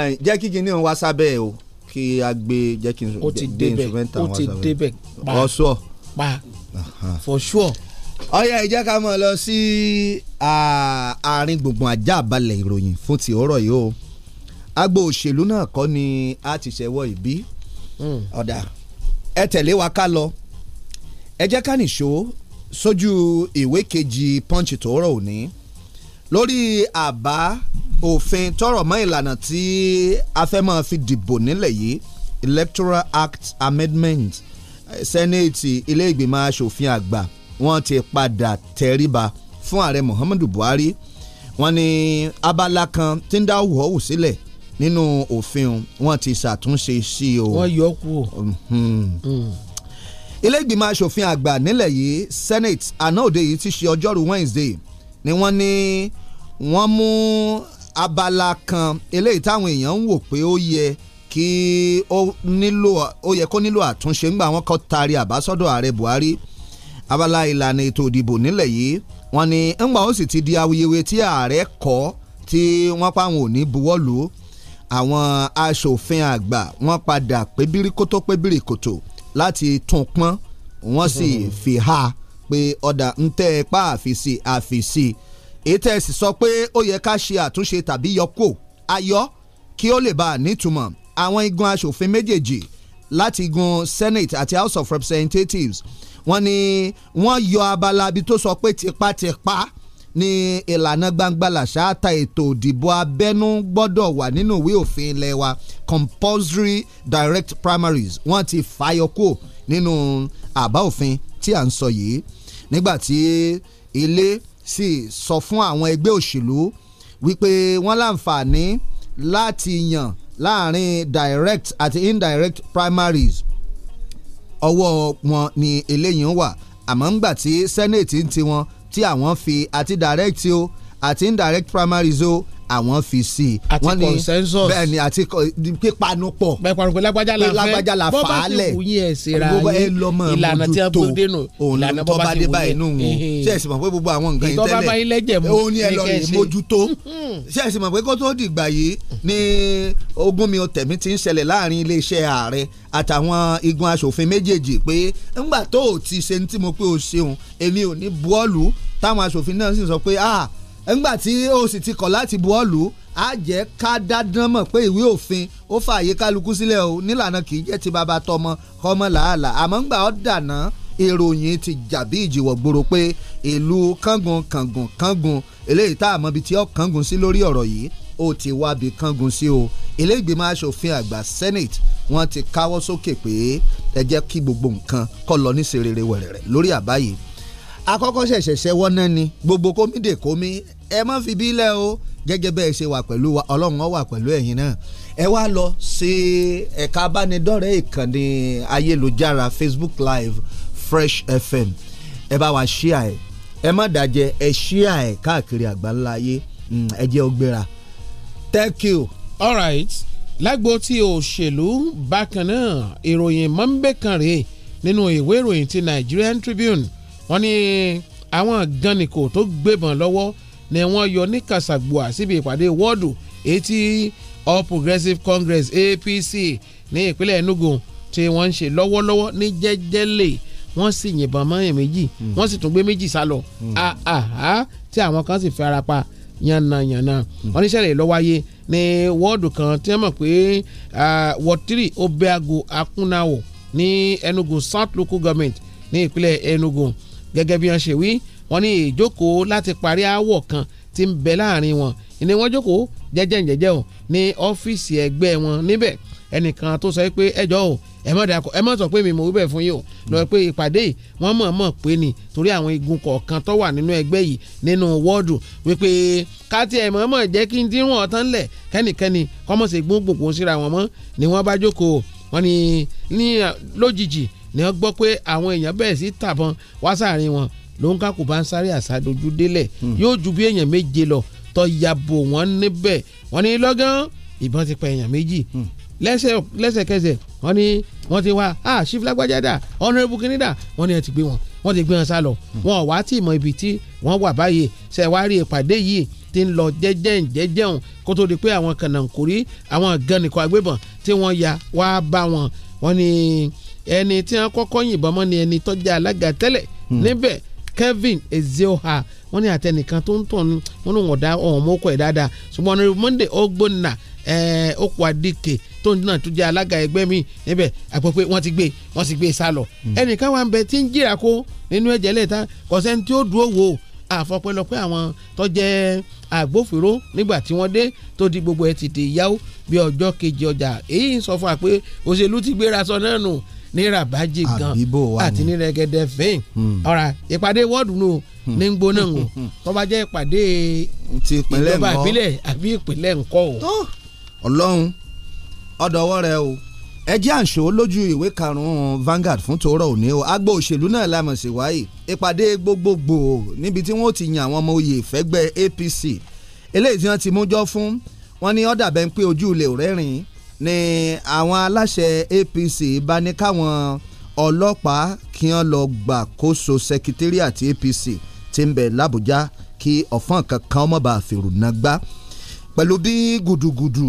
jẹ́ kí kinní wa sábẹ́ o kí a gbé jẹ́ kí n gbé instrumental wa sábẹ́ o ti débẹ̀ pa ọ̀ṣọ́ pa for sure. ọ̀yá ìjẹ́ ká mọ̀ lọ sí àárín gbùngbùn ajá balẹ̀ ìròyìn fún ti ọ̀rọ̀ yìí o agbo òṣèlú náà kọ́ ni a ti ṣẹ̀wọ́ ìbí hmm. ọ̀dà ẹ tẹ̀lé wa ká lọ ẹ jẹ́ ká nìṣó sójú ìwé kejì punch tó rọ̀ òní lórí àbá òfin tọrọ mọ́ ìlànà tí a fẹ́ máa fi dìbò nílẹ̀ yìí Electoral Act Amendment senate ilé ìgbìmọ̀ asòfin àgbà wọ́n ti padà tẹríba fún ààrẹ Muhammadu Buhari wọ́n ní abala kan tí ń dá wọ́ọ̀wù sílẹ̀ nínú òfin wọ́n ti ṣàtúnṣe sí o. wọ́n yọ kú o. Mm-hmm. Mm. ilé ìgbìmọ̀ asòfin àgbà nílẹ̀ yìí Senate àná òde yìí ti ṣe ọjọ́rú Wednesday ni wọ́n ní wọ́n mú abala kan eléyìí táwọn èèyàn ń wò pé ó yẹ kí ó nílò ó yẹ kó nílò àtúnṣe ńgbà wọn kọ́ taari àbá ààrẹ Buhari abala ìlànà ètò ìdìbò nílẹ̀ yìí wọ́n ní ńgbà ó sì ti di awuyewuye tí ààrẹ kọ́ tí wọ́n pa àwọn ò ní buwọ́ lù ú àwọn aṣòfin àgbà wọ́n padà pé bíríkótó pé bíríkótó láti tún pọ́n wọ́n sì fi ha pé ọ̀dà ń tẹ́ ẹ pa àfìsí àfìsí èyí tẹ́ ẹ sì sọ pé ó yẹ ká ṣe àtúnṣe tàbí yọkò ayọ́ kí ó lè bá a nítumọ̀ àwọn igun aṣòfin méjèèjì láti igun Senate àti House of Representatives wọ́n ní wọ́n yọ abala bí tó sọ pé tipátipá ni ìlànà gbangba làṣáàtà ètò ìdìbò abẹ́nú gbọ́dọ̀ wà nínú ìwé òfin ilẹ̀ wa compulsory direct primaries wọ́n ti fàyọkò nínú àbá òfin tí à ń sọ yìí nígbàtí ilé sì sọ fún àwọn ẹgbẹ́ òṣèlú wípé wọ́n láǹfààní láti yàn láàrin direct àti indirect primaries ọwọ́ wọn ni eléyìí ń wà àmọ́ ńgbà tí senate ń tiwọn tí àwọn fi àti direct o àti indirect primaries o àwọn fi sí i. àti consensus bẹ́ẹ̀ ni àti pípanupọ̀. pípanupọ̀ lágbájá la fẹ́ lágbájá la fà á lẹ̀ bọ́bá ti wù yín ẹ̀ sera yín ìlànà tí a bó dénú ìlànà bọ́bá ti wù yín. ṣé ẹ sì mọ̀ pé gbogbo àwọn nǹkan yìí tẹ́lẹ̀ ìtọ́ba ilé jẹ̀mú ó ní ẹ lọ rè mójútó. Hmm. ṣé ẹ sì mọ̀ pé kó tó dìgbà yìí ni ogún mi tẹ̀mí ti ń ṣẹlẹ̀ láàrin iléeṣẹ́ ààrẹ àtàwọn igun aṣòfin méjèèjì pé ńgbà tó o ti ṣe ní tí mo pé o ṣeun èmi ò ní bọ́ọ̀lù táwọn aṣòfin náà sì sọ pé ah ńgbà tí o sì ti kọ̀ láti buwọ́lù á jẹ́ ká dáadáa mọ̀ pé ìwé òfin ó fààyè kálukú sílẹ̀ o nílànà kì í jẹ́ ti bàbá tọmọ kọ́mọ làálà àmọ́ ńgbà ọ́ dànà ìròyìn ti jàbí ìjìwọ̀ gbòòrò pé ìlú kángun kángun kángun eléyìí tá a mọ̀ bíi tí ó kángun sí lórí ọ̀rọ̀ yìí ó ti wá bí kángun sí o ilé ìgbìmọ̀ asòfin àgbà senate wọ́n ti káwọ́ sókè pé ẹ jẹ́ kí gbogbo nǹkan kó lọ ní serere wẹ̀rẹ̀rẹ̀ lórí àbá yìí akọ́kọ́ ṣẹ̀ṣẹ̀ ṣẹwọ́ náà ni gbogbo kómìdè kómì ẹ má fi bí lẹ̀ o gẹ́gẹ́ bẹ́ẹ̀ ṣe wà pẹ̀lú wa ọlọ́run ọ wà pẹ̀lú ẹ̀yin náà ẹ wá lọ sí ẹ̀ka abánidọ́rẹ̀ẹ́ ìkànnì ayélujára Facebook Live Fresh FM ẹ bá wa ṣíà ẹ ẹ má dàjẹ ẹ ṣíà ẹ káàkiri àgbáńlá ayé hmm, ẹ jẹ́ ó thank you. all right lágbo tí òṣèlú bákan náà ìròyìn mọ́ńbẹ́ kan rèé nínú ìwé ìròyìn ti Nigerian Tribune wọ́n ní àwọn ganniko tó gbébọn lọ́wọ́ ni wọ́n yọ ní kàṣàgbọ́à síbi ìpàdé wọ́ọ̀dù etí All Progressive Congress APC ní ìpínlẹ̀ Enugu tí wọ́n ń ṣe lọ́wọ́lọ́wọ́ ní jẹ́jẹ́lẹ̀ wọ́n sì yìnbọn mọ́ èèyàn méjì hmm. wọ́n sì tún gbé méjì sá lọ hmm. ah, ah, ah, tí àwọn kan sì fi ara pa yànnàyànnà hmm. wọ́n ní ṣẹlẹ̀ ló wáyé ní wọ́ọ̀dù kan tí wọ́n mọ̀ pé wọ́tírì obeago akunawo ní Enugu South Local Government ní ìpínlẹ̀ Enugu gẹ́gẹ́ bí wọ́n ṣe wí wọ́n ní ìjókòó láti parí aáwọ̀ kan tí ń bẹ láàrin wọn ni wọ́n jókòó jẹ́jẹ́ jẹ́jẹ́ o ní ọ́fíìsì ẹgbẹ́ wọn níbẹ̀ ẹnìkan tó sọ pé ẹjọ́ o ẹ mọ̀ dàkọ ẹ mọ̀ sọ pé mi mọ̀ wíbẹ̀ fún yín o lọ pé ìpàdé yìí wọ́n mọ̀ mọ̀ pé ni torí àwọn igun kọ̀ọ̀kan tó wà nínú ẹgbẹ́ yìí nínú wọ́ọ̀dù wípé káàtì ẹ̀ mọ̀ mọ̀ jẹ́ kí n dín wọn tán lẹ̀ kẹ́nìkẹ́ni kọ́mọ̀sẹ̀ gbóngbòngbò síra wọn mọ́ ni wọ́n bá jókòó wọ́n ní lójijì ni wọ́n gbọ́ pé àwọn èèyàn bẹ̀rẹ̀ sí tàbọn wá sáàrin wọn Lukaku bá ń sáré àsádojú délẹ̀ hmm. yóò ju bí èèyàn méje lọ tó ya bò wọ́n níbẹ̀ wọ́n ní lọ́gán ìbọn ti pa èèyàn méjì hmm. lẹ́sẹ̀kẹsẹ̀ wọ́n ní wọ́n ti wá a ah, ṣífìlágbájá dà ọ̀nàrẹ́bù kìíní dà wọ́n ní ẹ ti gbé wọn wọ́n ti gbé wọn sá lọ hmm. wọn ò wá tí ì mọ ibi tí wọ́n wà báyìí ṣẹ̀wárí ìpàdé yìí ti ń lọ jẹ́jẹ́n jẹ́jẹ́n kó tó di pé àwọn kànáńkórí àwọn gànnìkọ́ agbébọn tí wọ́n ya wá bá wọn wọ́n ní ẹni tí wọ́n kọ́kọ́ yìnbọn mọ́ ni ẹni tọ́jà alága tẹ́lẹ̀ níbẹ̀ Kevin Ezeoha wọ́n ní àtẹnìkan tó ń tàn wọ́n ní wọ́n dá ọ̀hún mọ́kọ̀ ẹ̀ dáadáa ṣùgbọ́n ọ̀nà Monday Ogbonna okùn adike tó náà tún jẹ́ alága ẹgbẹ́ mi níbẹ̀ àpò pé wọ́n ti gbé wọ́n ti gbé e sá lọ. Hmm. ẹnìkan wà ń bẹ tí ń jìrà kó nínú ẹ̀jẹ̀ lẹ́ta kọ̀sẹ́ni tí ó dúró wò ó àfọpẹ́lọpẹ́ àwọn tó jẹ́ agbófinró nígbà tí wọ́n dé tó di gbogbo ẹ̀ ti yáwó bí ọjọ́ kejì ọjà èyí ń sọ fún wa pé òṣèlú ti gbéra sọ náà nù ní rabaji gan àti ní rẹ̀gẹ̀dẹ̀ fẹ́yìn ọ̀rà hmm. ìpàdé wọ́ọ̀dù nù hmm. ní gbóná o hmm. tó bá jẹ́ ìpàdé ìjọba ìbílẹ̀ àbí ìpínlẹ̀ ńkọ́ o. ọlọ́run ọ̀dọ̀wọ́ rẹ o ẹ jẹ́ àǹṣó lójú ìwé karùn-ún Vanguard fún tòórọ́ òní o agbo òṣèlú náà lámọ̀ sí wáyé ìpàdé gbogbogbò níbi tí wọ́n ti yan àwọn ọmọ oyè ìfẹ́gbẹ́ APC eléyìí tí wọ́n ti mú jọ fún wọn ní ọ̀dà bẹ́ẹ̀ pé ojú ilé ò rẹ́rìn-ín ni àwọn aláṣẹ APC bá ní káwọn ọlọ́pàá kí wọ́n lọ gbàkóso secretariat APC tí ń bẹ l'Àbújá kí ọ̀fọ́n kankan má bá fèrò náà gbá pẹ̀lú bí gùdùgùdù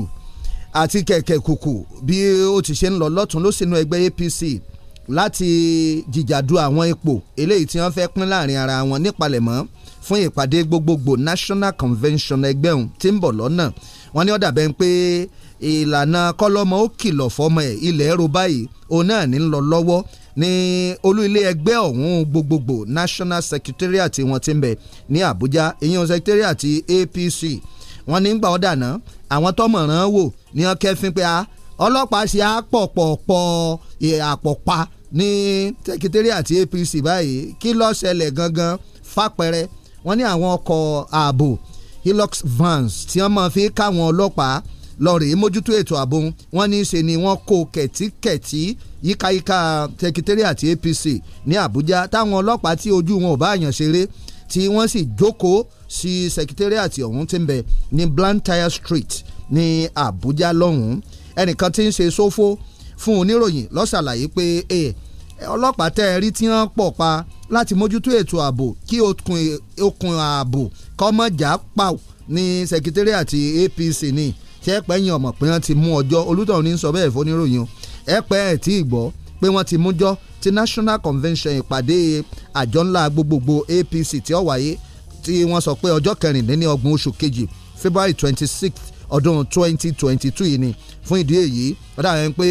àti kẹ̀kẹ́ kùkù bí ó ti ṣe ń lọ lọ́tún ló sínú ẹgbẹ́ APC láti jìjàdù àwọn ipò eléyìí tí wọ́n fẹ́ pín láàrin ara wọn nípalẹ̀mọ́ fún ìpàdé gbogbogbò national convention ẹgbẹ́ òun tí ń bọ̀ lọ́nà wọ́n ní ó bẹ́ẹ̀ pé ìlànà kọ́lọ́mọ ó kìlọ̀ fọmọ ẹ̀ ilẹ̀ ẹ̀rọ báyìí òun náà ní lọ lọ́wọ́ ní olú ilé ẹgbẹ́ ọ̀hún gbogbogbò national secretariat wọn ti ń bẹ̀ ní Àbújá ìyẹn secretariat APC wọn ní gbà ọ́ dànà àwọn tọmọ̀ràn wò ní wọn kẹfin pé ah, ọlọ́pàá ṣe àpọ̀pọ̀pọ̀ àpọ̀pa ní secretariat APC báyìí kí ló ṣẹlẹ̀ gangan fàpẹrẹ wọn ní àwọn ọkọ̀ ààbò Hilux vans tí wọ́n máa fi káwọn ọlọ́pàá lọ́ọ̀rẹ́ mójútó ètò ààbò wọn ní í ṣe ni wọ́n kó kẹ̀tíkẹ̀tí yíkáyíká sẹkítẹ́rì àti APC ní Àbújá táwọn ọlọ́pàá tí ojú wọn ò bá àyàn ṣeré tí wọ́n sì jókòó sí sẹkítẹ́rì àti ọ̀hún tí ń bẹ ní Blantyre Street ní Àbújá lọ́hùn-ún ẹnìkan tí ń ṣe sófó fún oníròyìn ló ṣàlàyé pé ọlọ́pàá tẹ́ ẹ rí tí wọ́n pọ̀ pa láti mójútó ètò ààbò kí okùn ààbò kọ́mọ̀jà pàù ní sẹkítẹ́rì àti APC Ni ṣé ẹ pẹ́ yín ọmọ pé wọ́n ti mú ọjọ́ olùtọ̀hún ní sọ bẹ́ẹ̀ fóníròyìn o ẹ pẹ́ ẹ̀ tí ì gbọ́ pé wọ́n ti mújọ́ ti national convention ìpàdé àjọ ńlá gbogbogbò APC tí ó wáyé tí wọ́n sọ pé ọjọ́ kẹrìnlélọ́gbọ̀n oṣù kejì February twenty sixth ọdún twenty twenty two yìí ni fún ìdí èyí ó dàbí pé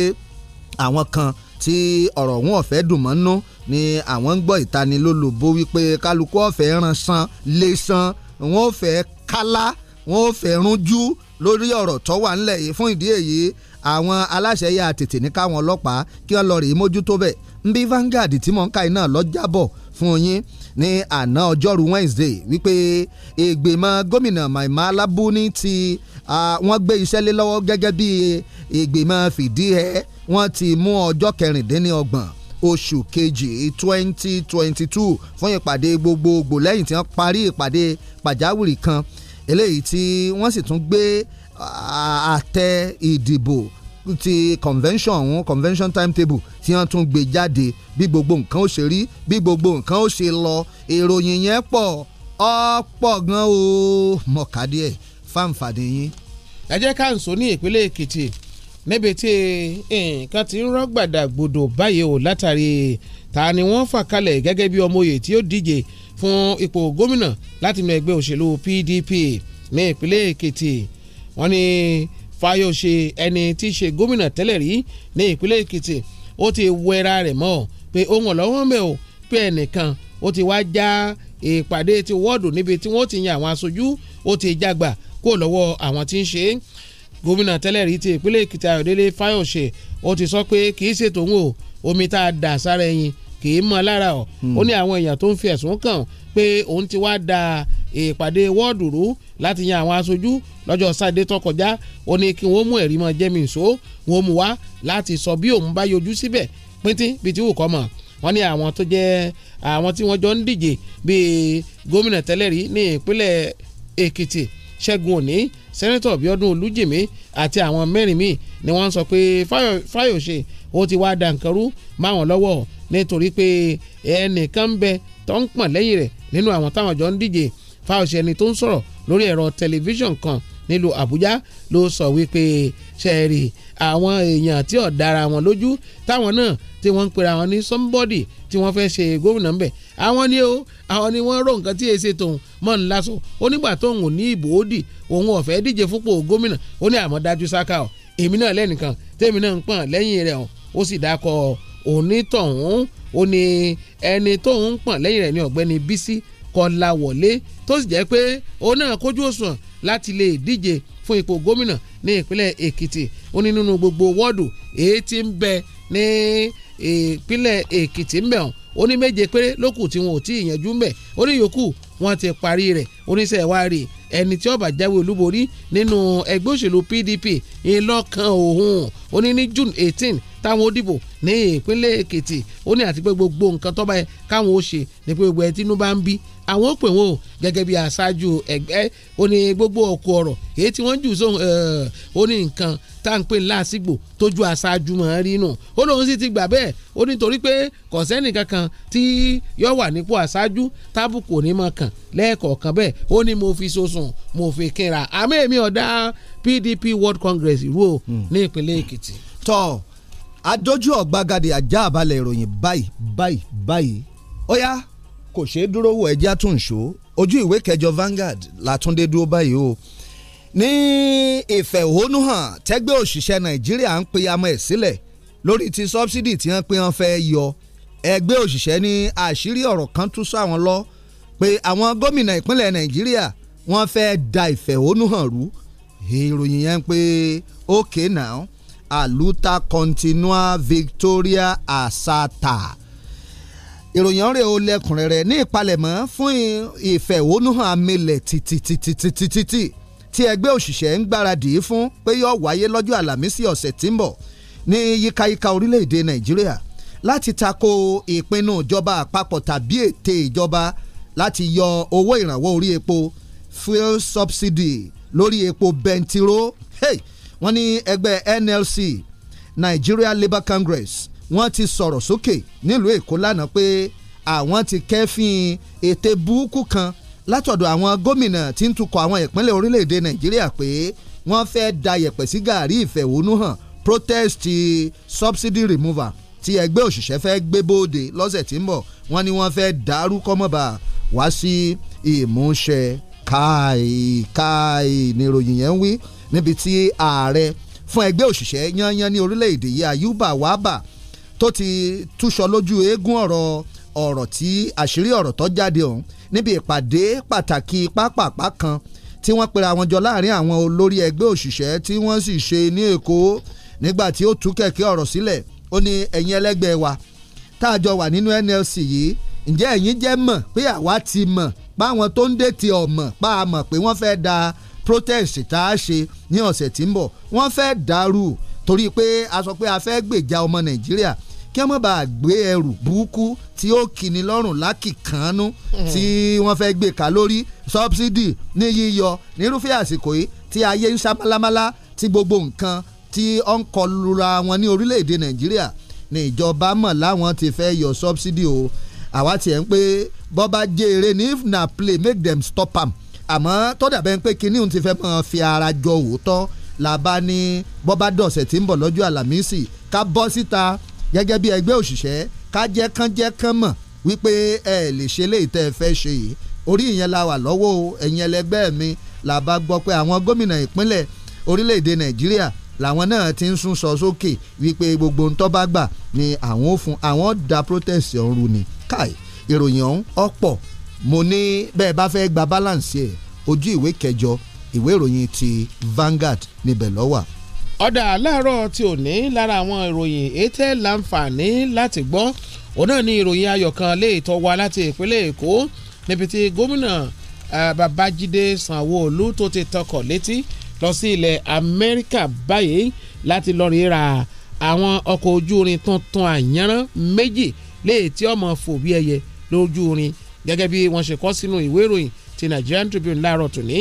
àwọn kan tí ọ̀rọ̀ wọn ò dùn mọ́ nú ni àwọn ń gbọ́ ìtanilólobó wípé kálukú ọ̀fẹ́ ràn san lè san wọn ò fẹ́ kálá wọn ò fẹ́ rúnjú lórí ọ̀rọ̀ tó wà ńlẹ̀ yìí fún ìdí èyí àwọn aláṣẹ yà tètè ní káwọn ọlọ́pàá kí wọ́n lọ rèé mójútó bẹ̀ nbí Vanguard tí mò ń ka iná lọ́jàbọ̀ fún yín ní àná ọjọ́rú Wednesday wípé ìgbìmọ̀ gómìnà Maima Labuni ti wọ́n gbé iṣẹ́ lé lọ́wọ́ gẹ́gẹ́ bí ìgbìmọ̀ fìdí ẹ̀ wọ́n ti mú ọjọ́ kẹrìndínlọ́gbọ̀n oṣù kejì twenty twenty two fún ìpàdé gbogbogbò lẹ́yìn tí wọ́n parí ìpàdé pàjáwìrì kan eléyìí tí wọ́n sì tún gbé àtẹ ìdìbò ti convention ọ̀hún convention timetable tí wọ́n tún gbé jáde bí gbogbo nǹkan ó ṣe rí bí gbogbo nǹkan ó ṣe lọ ìròyìn yẹn pọ̀ ọ̀pọ̀ gan o mọ̀kadì ẹ̀ fáǹfààní yín. ẹ jẹ́ ká ń sọ ní ìpínlẹ̀ èkìtì níbi tí nǹkan ti ń rọ́gbàdàgbòdò báyìí o látàrí ta ni wọ́n fà kalẹ̀ gẹ́gẹ́ bí ọmọ oyè tí ó díje fún ipò gómìnà látinú ẹgbẹ́ òṣèlú PDP ní ìpínlẹ̀ Èkìtì wọ́n ní Fáyọ̀ṣe ẹni tí í ṣe gómìnà tẹ́lẹ̀ rí ní ìpínlẹ̀ Èkìtì ó ti wẹra rẹ̀ mọ́ pé ohun ọ̀lọ́wọ́n mẹ́ o pé ẹnìkan ó ti wá já ìpàdé ti wọ́ọ̀dù níbi tí wọ́n ti yan àwọn aṣojú ó ti jágbà kó lọ́wọ́ àwọn tí ń ṣe é gómìnà tẹ́lẹ̀ rí ti ìpínlẹ̀ Èkìtì Ayọ̀délé Fáyọ̀ṣe ó ti sọ pé kì í ṣètò òun o omi tá a dà sára ẹyin kì í mọ́ lára ọ̀ hmm. ó ní àwọn èèyàn tó ń fi ẹ̀sùn kàn pé òun ti wá da ìpàdé wọ́ọ̀dù rú láti yan àwọn aṣojú lọ́jọ́ sáde tó kọjá ó ní kí wọ́n mú ẹ̀rí mọ́ jẹ́mi ìṣó wọn mú wá láti sọ bí òun bá yọjú síbẹ̀ píntín bíi ti wù kọ́ mọ̀ wọ́n ní àwọn tó jẹ́ àwọn tí wọ́n jọ ń díje bíi gómìnà tẹ́lẹ̀ rí ní ìpínlẹ̀ Èkìtì Ṣẹ́gun Òní sẹ́nẹ́tọ̀ Bíọ́dún Olújìmí àti àwọn mẹ́rin míì ni wọ́n ń sọ pé Fáyọ̀ṣe ó ti wá da nǹkan rú máwọn lọ́wọ́ nítorí pé ẹnìkan ń bẹ tó ń pọ̀n lẹ́yìn rẹ̀ nínú àwọn táwọn jọ ń díje fáwọsì ẹni tó ń sọ̀rọ̀ lórí ẹ̀rọ tẹlifíṣàn kan nílùú Àbújá ló sọ wípé ṣẹ́ẹ̀rì àwọn èèyàn tí ò dára wọn lójú táwọn náà tí wọ́n ń pera wọn ní somebody tí wọ́n fẹ́ ṣe gómìnà ńbẹ̀ àwọn ni ó àwọn ni wọ́n rò nǹkan tí èsì tòun mọ́ ń lásán ó nígbà tóun ò ní ìbò ó dì òun ò fẹ́ díje fúnpò gómìnà ó ní àmọ́ dájú sáká ọ̀ èmi náà lẹ́nìkan tèmi náà ń pọ̀n lẹ́yìn rẹ̀ ọ̀ ó sì dákọ̀ ọ́ onítọ̀hún ó ní ẹni tóun ń pọ̀n lẹ́yìn rẹ̀ ní ọ̀gbẹ́ni Bísí Kọláwọlé tó sì jẹ́ pé òun náà kójú òṣùwọ̀n láti lè díje fún ipò gómìnà ní ìpínlẹ̀ Èkìtì ó ní nínú gbogbo wọ́ọ̀dù èyí tí ń bẹ ní ìpínlẹ̀ Èkìtì ń bẹ̀ hàn ó ní méje péré lókù tí wọn ò tí ì yanjú ń bẹ̀ ó ní yòókù wọn ti parí rẹ̀ oníṣẹ́ wa rè ẹni tí ó jáwé olúborí nínú ẹgbẹ́ òṣèlú PDP ìlọ́kan òun ó ní ní June eighteen táwọn ó dìbò ní ìpínlẹ̀ Èkìtì ó ní àti pé gbogbo nǹkan tó bá yẹ káwọn ó ṣe ní pé gbogbo ẹ̀ tínúbà ń bí àwọn ó pè wọ́n o gẹ́gẹ́ bí aṣáájú ẹgbẹ́ ó ní gbogbo ọkọ̀ ọ̀rọ̀ èyí tí wọ́n jù sóhun ó ní nǹkan tá à pè láàsìgbò tójú aṣáájú mọ̀ ọ́n rí nù ó lóun sì ti gbà bẹ́ẹ̀ ó ní torí pé kọ̀sẹ́nì kankan tí yọ wà nípò aṣáájú tábùkù ní mọ̀ kàn lẹ́ẹ̀kọ̀ọ̀kan bẹ́ẹ̀ ó ní mo fi sosun mo fi kínra àmì èmi ọ̀dà PDP World Congress ìrú o hmm. ní ìpínlẹ̀ Èkìtì. tọ́ọ̀ adójú ọ̀gbagadè ajá àbálẹ̀ ìròyìn báyìí báyìí báyìí ó yá kò ṣeé dúró wọ ẹjẹ́ àtúnṣó ojú ìwé kẹjọ Vanguard látúndé dúró báyìí o ní ìfẹ̀hónúhàn tẹ́gbẹ́ òṣìṣẹ́ Nàìjíríà ń pe amọ̀ ẹ̀ sílẹ̀ lórí ti sọ́bsidì tí wọ́n pe wọ́n fẹ́ yọ ẹgbẹ́ òṣìṣẹ́ ní àṣírí ọ̀rọ̀ kan tún sọ àwọn lọ pé àwọn gómìnà ìpínlẹ̀ Nàìjíríà wọ́n fẹ́ da ìfẹ̀hónúhàn rú ìròyìn yẹn pé okay now aluta continua victoria asata ìròyìn rẹ̀ ó lẹ́kùnrẹ́rẹ́ ní ìpalẹ̀mọ́ fún ìfẹ̀hónúhàn amílẹ̀ títítítítítítí tí ẹgbẹ́ òṣìṣẹ́ ń gbáradì fún pé yóò wáyé lọ́jọ́ àlàmísì ọ̀sẹ̀ tí ń bọ̀ ní yíkáyíká orílẹ̀-èdè nàìjíríà láti tako ìpinnu ìjọba àpapọ̀ tàbí ète ìjọba láti yọ owó ìrànwọ́ orí epo fuel subsidy lórí epo bẹntiró. Hey! wọ́n ní ẹgbẹ́ NLC Nigeria Labour Congress wọ́n ti sọ̀rọ̀ sókè nílùú Èkó lánàá pé àwọn ti kẹ́fín ète burúkú kan látọ̀dọ̀ àwọn gómìnà tí ń tukọ̀ àwọn ìpínlẹ̀ orílẹ̀‐èdè Nàìjíríà pé wọ́n fẹ́ da yẹ̀pẹ̀ sí gàárì ìfẹ̀hónú hàn protest subsidy remover tí ẹgbẹ́ òṣìṣẹ́ fẹ́ gbé bóde lọ́sẹ̀ tí ń bọ̀ wọ́n ní wọ́n fẹ́ dàrú kọ́mọ́bà wá sí ìmúṣẹ káì káì níròyìn yẹn ń wí níbi tí ààrẹ fún ẹgbẹ́ òṣìṣẹ́ yányán ní orílẹ̀-èdè yìí Ayuba Wabba tó ti túṣọ lójú eégún ọ̀rọ̀ ọ̀rọ̀ tí àṣírí ọ̀rọ̀ tó jáde ọ̀hún níbi ìpàdé pàtàkì pápápá kan tí wọ́n pera wọn jọ láàrin àwọn olórí ẹgbẹ́ òṣìṣẹ́ tí wọ́n sì ṣe ní Èkó nígbà tí ó tú kẹ̀kẹ́ ọ̀rọ̀ sílẹ̀ ó ní ẹ̀yin ẹlẹ́gbẹ́ wa tá a jọ wà nínú NLC yìí ǹjẹ́ ẹ̀yin jẹ́ mọ̀ pé àwa ti mọ̀ páwọn tó ń dé ti ọ̀mọ̀ pa àmọ̀ pé wọ́n fẹ́ da protest tá a ṣe ní ọ̀sẹ̀ tí ń bọ̀ wọ́n fẹ́ dàrú torí pé a sọ pé a fẹ́ gbèjà ọmọ nàìjíríà kí wọ́n bá gbé ẹrù burúkú tí ó kìíní lọ́rùn lákìkánú hmm. tí wọ́n fẹ́ gbé ká lórí sọ́bsidì ní yíyọ nírúfẹ́ àsìkò yìí tí ayé ń ṣamálámálá tí gbogbo nǹkan tí ó ń kọlura wọn ní orílẹ̀-èdè nàìjíríà ní ìjọba mọ̀ láwọn ti fẹ́ yọ subsidy o àwa tiẹ̀ ń pé bọ́ba jèrè ní na play make them stop am àmọ́ tó dàbẹ́ ń pé kinní òun ti fẹ́ mọ́ fi ara jọ òótọ́ la bá ní bọ́bá dọ̀sẹ̀ tí ń bọ̀ lọ́jọ́ àlàmísì ká bọ́ síta gẹ́gẹ́ bí ẹgbẹ́ òṣìṣẹ́ ká jẹ́ kán jẹ́ kán mọ̀ wípé ẹ lè ṣe léyìí tẹ́ ẹ fẹ́ ṣe yìí orí ìyẹn la wà lọ́wọ́ ẹ̀yin ẹlẹgbẹ́ mi la bá gbọ́ pé àwọn gómìnà ìpínlẹ̀ orílẹ̀-èdè nàìjíríà làwọn náà ti ń sún sọ sókè wípé gbogbo ń tọ́ba gbà ni àwọn ò fún àwọn da protest ọ̀run ni káì ìròyìn ọ̀hún ọ̀pọ̀ mo ní bẹ́ẹ̀ bá fẹ́ gba balance ẹ̀ ojú ìwé kẹjọ ìwé ìròyìn ti Vanguard níbẹ̀ lọ́wà. ọ̀dà láàárọ̀ tí ò ní lára àwọn ìròyìn ètè láǹfààní láti gbọ́ òun náà ní ìròyìn ayọ̀ kan lè tọ́ wa láti ìpínlẹ̀ Èkó níbi tí gómìnà Babájídé Sanwó-Olú tó ti tọkọ̀ létí lọ sí ilẹ̀ Amẹ́ríkà báyìí láti lọ ríra àwọn ọkọ̀ ojú irin tuntun àyànrán méjì lè tí ọmọ fò bí ẹyẹ lójú irin gẹ́gẹ́ bí wọ́n ṣe kọ sínú ìwé ìròyìn ti Nigerian Tribune láàárọ̀ tòní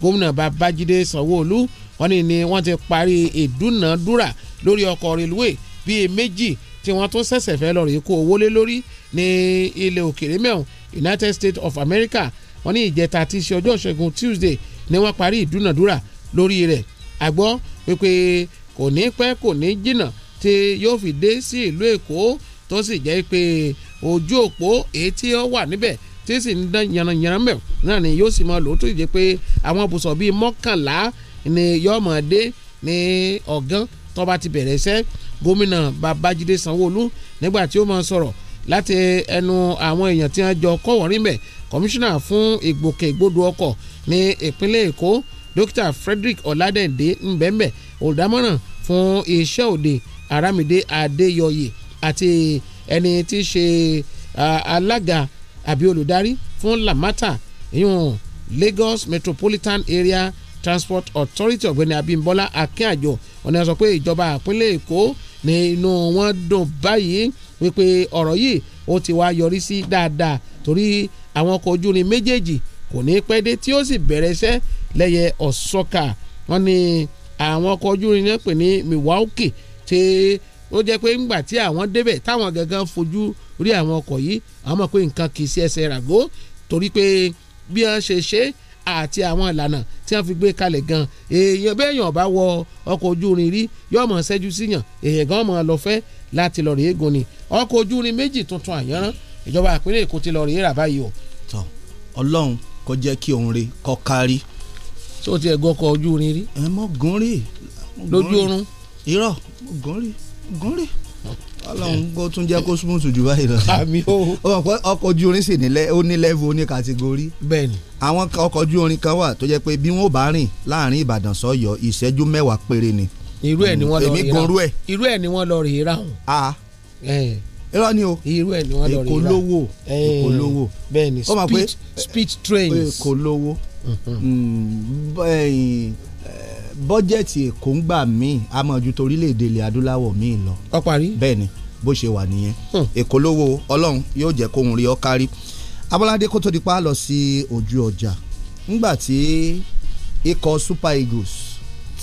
gómìnà Babájídé Sanwó-Olú wọ́n ni wọ́n ti parí ìdúnàádúrà lórí ọkọ̀ rélùwé bíi méjì tí wọ́n tún ṣẹ̀ṣẹ̀ fẹ́ lọ rèé kó owó lé lórí ní ilẹ̀ òkèèrè mẹ́wọ̀n United States of America wọ́n ní ìjẹta tí ṣe ọjọ́ ìṣẹ́gun Tuesday ni wọ́n parí ìdúnàádúrà lórí rẹ̀ àgbọ́ pípé kò ní pẹ́ kò ní jìnnà tí yóò fi dé sí ìlú Èkó tó sì jẹ́ pé ojú òpó èyí tí ó wà níbẹ̀ tí sì ń dán yànnàyànnà mẹ́ náà ni yóò sì máa lò ó tó ìdí pé àwọn ibùsọ̀ bíi mọ́kànlá ni yóò máa dé ní ọ̀gán tó bá ti bẹ̀rẹ̀ iṣẹ́ gómìnà babájídé sanwóolu nígbà tí ó máa sọ̀rọ̀ láti ẹnu àwọn èèyàn tí wọ́n jọ kọ́wọ́rin bẹ̀ kọmíṣánná fún ìgbòkègbodò ọkọ̀ ní ìpínlẹ̀ èkó dókítà frederick ọ̀làdẹ̀dẹ̀ ńbẹ̀ńbẹ̀ olùdámọ̀ràn fún iṣẹ́ òde arámidé adéyọyè àti ẹni tí í ṣe alága àbí olùdarí fún lamata ìyún Lagos Metropolitan Area Transport Authority ọ̀gbẹ́ni abimbola Akínàjọ ọ̀nà sọ pé ìjọba àpínlẹ̀ Èkó ní inú wọn dùn báyìí wípé ọ̀rọ̀ yìí ó ti wá yọrí sí dáadáa torí àwọn ọkọ̀ ojú ni méjèèjì kò ní pẹ́ dé tí ó sì bẹ̀rẹ̀ iṣẹ́ lẹ́yẹ ọ̀sọ́kà wọn ni àwọn ọkọ̀ ojú irin náà pè ní Milwaukee tí ó jẹ́ pé ńgbà tí àwọn débẹ̀ táwọn gangan fojú rí àwọn ọkọ̀ yìí àwọn mọ̀ pé nǹkan kì í sí ẹsẹ̀ ràgó torí pé bí wọ́n ṣe ṣe àti àwọn ìlànà tí wọ́n fi gbé kalẹ̀ gan èèyàn bẹ́ẹ̀yàn bá wọ ọkọ̀ ojú irin rí yóò mọ̀ ṣẹ́jú síyàn èèyàn gan mọ̀ lọ fẹ́ láti lọ rèé gun ni ọkọ̀ ojú irin méjì tuntun àyànrán ìjọba àpínlẹ̀ èkó ti lọ rèé rà báyìí o. tán ọlọ́run kò jẹ́ kí òun re kọ́ kárí. tó o ti ẹ̀ gun ọkọ̀ ojú irin rí. ẹ mọ̀ gún rí. lójú oorun. irọ́ mọ̀ gún rí gúnrí Ọlọ́run kó tún jẹ́ kó smooth jù báyìí lọ. àmì o. ọkọ̀ ojú orin sì ní level ó ní kàtígórì. bẹ́ẹ̀ni. àwọn ọkọ̀ ojú orin kan wà tó jẹ́ pé bí wọ́n bá rìn láàrin Ìbàdàn sọ́yọ́ ìṣẹ́jú mẹ́wàá péré ni. irú ẹ̀ ni wọ́n lọ rèé ra èmi irú ẹ̀ ni wọ́n lọ rèé ra hùn. a irọ́ ni o. irú ẹ̀ ni wọ́n lọ rèé ra èkó lówó èkó lówó. bẹ́ẹ̀ni speed speed trains. èkó lówó. Hmm bọ́jẹ̀tì èkó ń gbà míì amọ̀jú torílẹ̀-èdè ilẹ̀ adúláwọ̀ míì lọ. ó parí. bẹ́ẹ̀ ni bó ṣe wà nìyẹn hmm. èkó lówó ọlọ́run yóò jẹ́ kóhun rí ọ kárí abọ́ládé kó tó di pa lọ sí ojú ọjà ńgbà tí ikọ̀ super eagles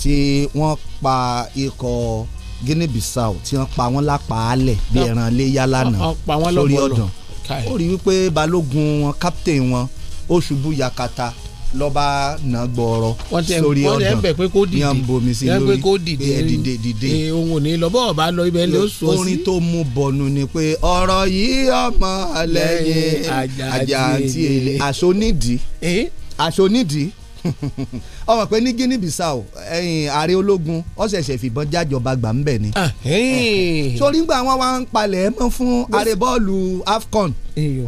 tí wọ́n pa ikọ̀ guinea bissau tí wọ́n pa wọ́n lápàálẹ̀ bí ẹran léyà lánàá sórí ọ̀dàn ó rí wípé balógun wọn captain wọn ó ṣubú yakata lọ́ba na gbọ́ọ̀rọ̀ sórí ọ̀dàn wọ́n bẹ̀ pé kó dìde yàn bomi sí lórí pé dìde dìde. òun ò ní lọ́bọ̀ ọ̀bá lọ ibẹ̀ ló sọ sí. orin tó mú bọ̀nù ni pé ọ̀rọ̀ yìí ọmọ lẹ́yìn àjà àti èlé àsonídìí àsonídìí ọmọ pé ní Guinea Bissau ẹ̀yìn ààrẹ ológun ó ṣẹ̀ṣẹ̀ fìbọn jájọba gbà ń bẹ̀ ni. Ah, sórí ń gbà wọn wá ń palẹ̀ mọ́ fún ààrẹ bọ́ọ̀lù AFCON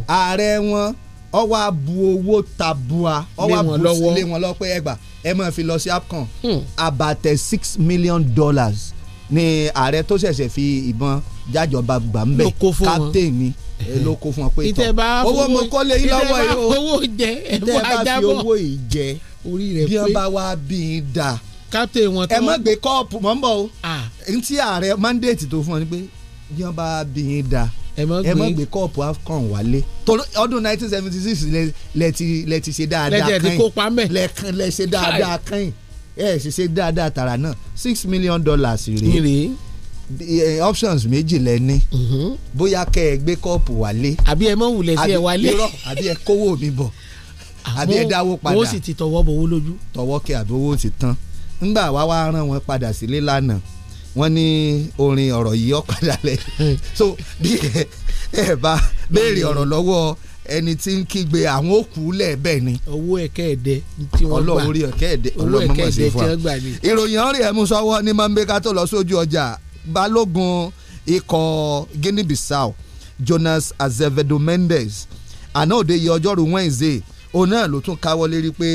ààrẹ wọn ọwọ́ abu owó tabua ọwọ́ abu sílé wọn lọ́wọ́ ẹgbà ẹ máa fi lọ sí AFCON hmm. àbàtẹ six million dollars ni ààrẹ tó ṣẹ̀ṣẹ̀ fi ìbọn jájọba gbà ń bẹ̀ captain ni ló kó fún ọ pé tán owó mo kọ́ lé lọ́wọ́ yìí o owó bá fi owó yìí jẹ bí wọ́n bá wá bí i dà ẹ má gbé kọ́ọ̀pù mọ́ ń bọ̀ o ntí ààrẹ mandate tó fún ọ ni pé bí wọ́n bá bí i dà ẹ mọ̀ gbé kọ́ọ̀pù AFCON wálé ọdún 1976 lẹ ti ṣe dáadáa kan yìí lẹ ṣe dáadáa kan yìí ẹ ṣe ṣe dáadáa tààrà náà six million dollars rèé options méjì lẹ ní mm-hmm. bóyá kẹ ẹ gbé kọ́ọ̀pù wálé àbí ẹ mọ̀ wulẹ̀ sí ẹ wálé àbí ẹ kówó mi bọ̀ àbí ẹ dáwó padà wọ́n sì ti tọwọ́ bọ̀ owó lójú tọwọ́ kẹ àbí owó ti tán ńgbà wá wá rán wọn padà sílé lánàá wọ́n ní orin ọ̀rọ̀ yìí ọ̀padà lẹ̀ so bí ẹ bá béèrè ọ̀rọ̀ lọ́wọ́ ẹni tí ń kígbe àwọn òkú lẹ́ẹ̀bẹ̀ ni. owó ẹ̀kẹ́ ẹ̀dẹ tí wọ́n gbà ọlọ́run orí ẹ̀kẹ́ ẹ̀dẹ ọlọ́run mọ̀ sí fún wa. ìròyìn ọ̀rẹ́ ẹ̀mú sọ́wọ́ ní mọ̀nbẹ́ká tó lọ sójú ọjà balógun ikọ̀ Guinea-Bissau Jonas Azevedo Mendes àná òde yìí ọjọ́rú Wednesday òun náà ló tún káwọ́ lérí pé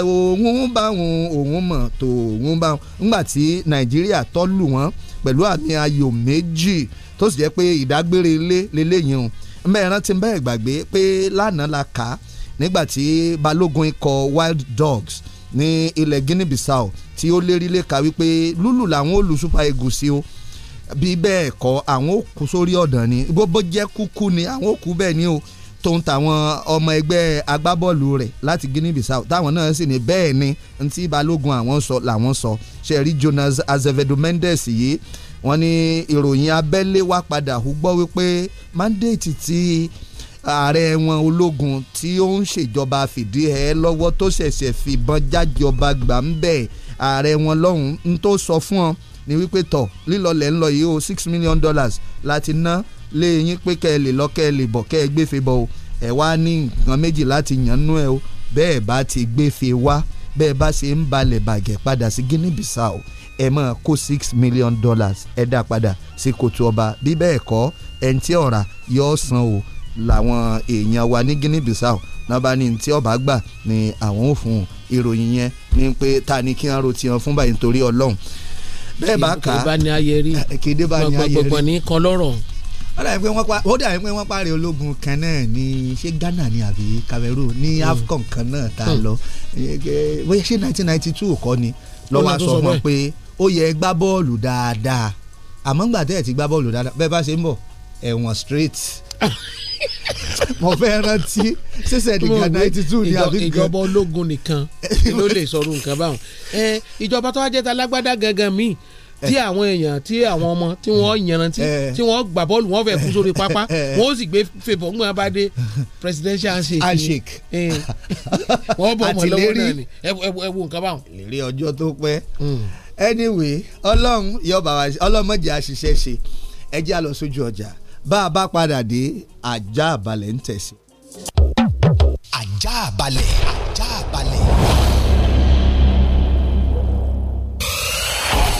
òun bá òun òun mọ̀ tó òun bá òun nígbà tí nàìjíríà tó lù wọ́n pẹ̀lú àmì ayò méjì tó sì jẹ́ pé ìdágbére ilé leléyìn o mẹ́rin rántí bẹ́ẹ̀ gbàgbé pé lánàá la kà á nígbà tí balógun ikọ̀ wild dogs ní ilẹ̀ guinea-bissau tí ó lérí léka wípé lúlù làwọn ó super eagles sí o bí bẹ́ẹ̀ kọ́ àwọn ó kú sórí ọ̀dàn ni gbogbo jẹ́ kúkú ni àwọn ó kú bẹ́ẹ̀ ni o tóun tàwọn ọmọ ẹgbẹ́ agbábọ́ọ̀lù rẹ̀ láti Guinea Bissau táwọn náà sì ní bẹ́ẹ̀ ni ntí balógun àwọn sọ làwọn sọ sẹ́ẹ̀rí Jonas Azevedo Mendes yìí wọ́n ní ìròyìn abẹ́lé wá padà hù gbọ́ wípé mandate ti ààrẹ wọn ológun tí ó ń ṣèjọba fìdí ẹ lọ́wọ́ tó ṣẹ̀ṣẹ̀ fìbọn jájọba gbà ń bẹ̀ ààrẹ wọn lọ́hùn-ún ń tó sọ fún ọ ní wípé tọ̀ lílọlẹ̀ ń yìí o six million dollars láti ná lé yín pé kẹ́ ẹ lè lọ kẹ́ ẹ lè bọ̀ kẹ́ ẹ gbéfe bọ̀ o ẹ wá ní nǹkan méjì láti yàn nú ẹ o bẹ́ẹ̀ bá ti gbéfe wá bẹ́ẹ̀ bá ṣe ń balẹ̀ bàgẹ́ padà sí Guinea Bissau ẹ máa kó six million dollars ẹ dá padà sí kòtò ọba bí bẹ́ẹ̀ kọ́ ẹni tí ọ̀rà yóò san o làwọn èèyàn wa ní Guinea Bissau náà bá ní tí ọba gbà ní àwọn ò ìròyìn yẹn ní pé ta ni kí wọ́n ro tiwọn fún báyìí nítorí Ọlọ́run bẹ́ẹ̀ bá kà á kéde bá ní ayé rí gbọ̀ngbọ̀ngbọ̀n ní kan ó dàbí pé wọ́n pa ó dàbí pé wọ́n parí ológun kan náà ní ṣé Ghana ni àbí Cameroon ní hmm. AFCON kan náà tá a hmm. lọ bóyá ṣé nineteen ninety kọ́ ni lọ́wọ́ a sọ wọn pé ó yẹ gbá bọ́ọ̀lù dáadáa àmọ́ ńgbà tẹ́ ẹ̀ ti gbá bọ́ọ̀lù dáadáa bẹ́ẹ̀ bá ṣe ń bọ̀ ẹ̀wọ̀n straight mo fẹ́ rántí ṣẹ̀ṣẹ̀ nìkan ninety ni àbí gan. ìjọba ológun nìkan ló lè sọ̀rọ̀ nǹkan báwọn ìjọba tó wá jẹ́ lágbádá gangan míì tí àwọn èèyàn tí àwọn ọmọ tí wọ́n mm-hmm. yanrantí eh. tí wọ́n gbà bọ́ọ̀lù wọ́n fẹ́ kú sórí pápá eh. wọ́n ó sì gbé fèbọ̀ ńgbà bá presidential handshake eh. wọ́n bọ̀ ọmọ lọ́wọ́ náà ni ẹ wo nǹkan báwọn. lérí ọjọ́ tó pẹ́ hmm. anyway ọlọ́run yọba ọlọ́run mọ̀jẹ̀ àṣìṣe ṣe ẹ jẹ́ àlọ́ sójú ọjà bá a bá padà dé àjà àbálẹ̀ ń tẹ̀sí. àjà àbálẹ̀ àjà àbálẹ̀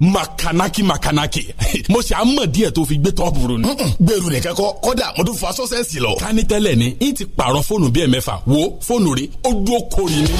makanaki makanaki mo ṣe àmọ̀ díẹ̀ tó fi gbé tọ́pù rò ni. gbèrú nìkan kọ kọ́dà mo tún fa sọ́sẹ́sì lọ. kání tẹ́lẹ̀ ni n ti pààrọ̀ fóònù bíi ẹ̀mẹ́fà wo fóònù rẹ̀ ó dúró kori ni.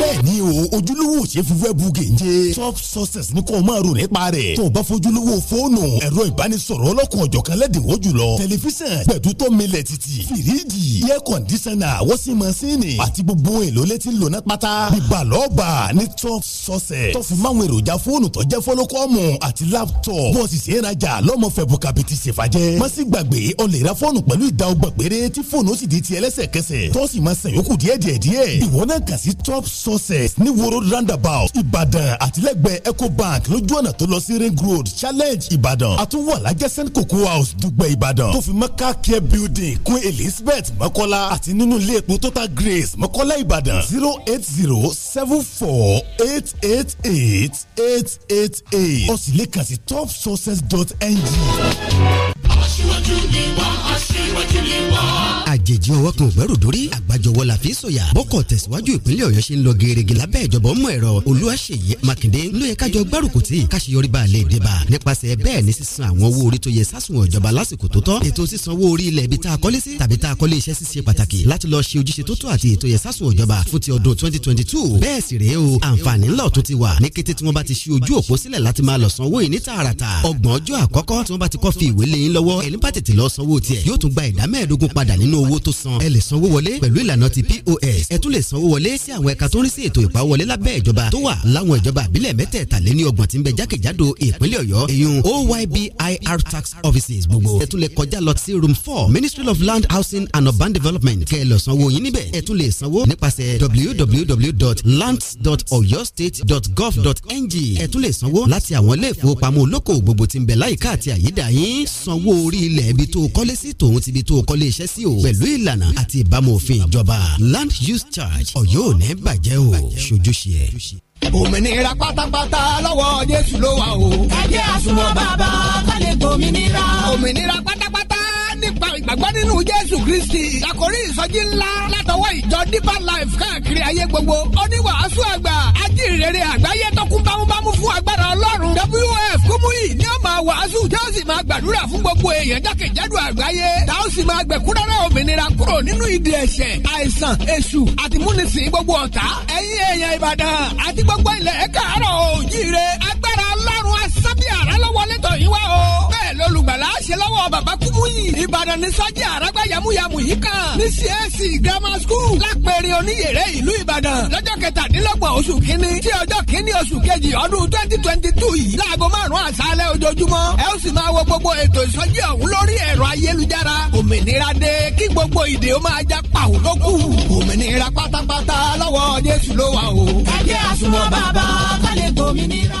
bẹ́ẹ̀ni o ojúlówó ṣe fífẹ́ bu gèje top success ni kò máa rò nípa rẹ̀ tó o bá fojúlówó fóònù ẹ̀rọ ìbánisọ̀rọ̀ ọlọ́kùn ọ̀jọ̀kan lẹ́dínwó jùlọ tẹlifíṣàn gbẹ̀dútọ́ milẹ̀ títì fìríjì air conditioner wọ́sí masínì àti gbogbo èlò létí lónà pátá bíbalọ́ọ̀bà ní top success tó fi máwọn èròjà fóònù tó jẹ́ fọ́lọ́ kọ́mù àti laptop bọ́ọ̀sì sì rajà lọ́mọ fẹ̀bù kàbìtì ṣèfàjẹ́ má sì gbàgbé o lè ra fóònù pẹ̀lú ìdá ọgbọ̀n péré tí fóònù ó sì di tiẹ̀ lẹ́sẹ̀kẹsẹ̀ tọ́sí máa san yòókù díẹ̀ díẹ̀ díẹ̀ ìwọ náà kà sí top sources ní woro roundabout ìbàdàn àtìlẹ́gbẹ̀ẹ́ ecobank lójú ọ̀nà tó lọ sí ring road challenge ìbàdàn àtúwọ̀ send cocoa house dùgbẹ̀ ìbàdàn tó fi mẹ́ka care building kún elizabeth mọ́kọ́lá àti nínú ilé epo total grace mọ́kọ́lá ìbàdàn zero eight zero seven four eight eight eight eight eight aid o sì lè kàn sí topsources.ng. aṣíwájú ni wá aṣíwájú ni wá àjèjì ọwọ́ kan ògbẹ́rù dórí àgbàjọwọ́ la fi ń sọ̀yà bọ́kọ̀ tẹ̀síwájú ìpínlẹ̀ ọ̀yọ́ ṣe ń lọ gèrègè lábẹ́ ìjọba ọmọ ẹ̀rọ olúwaṣeyẹ mákindé ló yẹ kájọ gbárùkù tí káṣeyọrí bá a lè dé bá nípasẹ̀ bẹ́ẹ̀ ni sísan àwọn owó orí tó yẹ sásùn ìjọba lásìkò tó tọ́ ètò sísan owó orí ilẹ̀ ibi tá a kọ́lé sí tàbí tá a kọ́lé iṣẹ́ ṣíṣe pàtàkì láti lọ ṣe ojúṣe tó tó àti ètò yẹ sásùn ìjọba fún ti ọdún twenty twenty two bẹ́ẹ̀ sì rèé o àǹfààní ńlọ tó ti wà ní kété tí wọ́n bá ti ṣe ojú òpó sílẹ̀ láti máa lọ san owó ìní tààràtà ọgbọ̀n ọjọ́ àkọ́kọ́ tí wọ́n bá ti kọ́ fi ìwé lé lọ́wọ́ ẹ̀ owó tó san ẹ lè sanwó wọlé pẹ̀lú ìlànà ti POS ẹ tún lè sanwó wọlé sí àwọn ẹ̀ka tó ń rí sí ètò ìpawọlé lábẹ́ ìjọba tó wà láwọn ìjọba àbílẹ̀ mẹ́tẹ̀ẹ̀tàléní ọgbọ̀n tí ń bẹ jákèjádò ìpínlẹ̀ ọ̀yọ́ èyun OYBIR tax offices gbogbo ẹ tún lè kọjá lọ sí room four Ministry of Land Housing and Urban Development kẹ́ ẹ lọ sanwó yín níbẹ̀ ẹ tún lè sanwó nípasẹ̀ www.lands.oyostate.gov.ng ẹ tún lè sanwó láti àwọn ilé ìfowópamọ́ olóko gbogbo tí ń bẹ láyìíká àti àyídà yín sanwó orí ilẹ̀ ibi tó kọ́lé sí tòun ti ibi tó kọ́lé iṣẹ́ sí o pẹ̀lú pẹ̀lú ìlànà àti ìbámu òfin ìjọba land use charge ọ̀yọ́ ò ní bàjẹ́ o ṣojúṣe ẹ̀ òmìnira pátápátá lọ́wọ́ jésù ló wà o. kájẹ́ àsunwọ̀n bàbá ká lè gbòmìnira. òmìnira pátápátá nípa ìgbàgbọ́ nínú jésù kristi. àkòrí ìsọjí ńlá látọwọ́ ìjọ deeper life káàkiri ayé gbogbo. oníwàásù àgbà ajínrere àgbáyé tó bámúbámú fún agbára ọlọ́run. wf Kúmúyì ni a máa wàásù tí ó sì máa gbàdúrà fún gbogbo èèyàn jákèjádò àgbáyé. Tá ó sì máa gbẹ̀kúrẹ́rẹ́ òmìnira kúrò nínú ìdè ẹ̀ṣẹ̀, àìsàn, èṣù àti múnisìn gbogbo ọ̀tá. Ẹ̀yin èèyàn Ìbàdàn àti gbogbo ilẹ̀ káàárọ̀ oòjíire agbára Ọlọ́run asábíàrá ló wọlé tọ̀ wá o. Bẹ́ẹ̀ bẹ́ẹ̀ lọ́lùgbàlà ṣe lọ́wọ́ bàbá kúmúyì ìbàdàn ní sájà àràgbà yàmúyàmú yìí kan ní csc e grammar school lápẹ̀rẹ̀ oníyèrè ìlú ìbàdàn lọ́jọ́ kẹtàdínlọ́gbọ̀n oṣù kínní tí ọjọ́ kínní oṣù kejì ọdún twenty twenty two yìí láago márùn-ún àṣálẹ́ ojoojúmọ́ ẹ ó sì máa wo gbogbo ètò ìsọjí ọ̀hún lórí ẹ̀rọ ayélujára òmìnira dé kí gbogbo ìdè ó máa já pàwó lókù òmìnira pátápátá lọ́wọ́ jésù ló wà o. ẹ jẹ́ àsùnwọ̀n bàbá ká lè gbòmìnira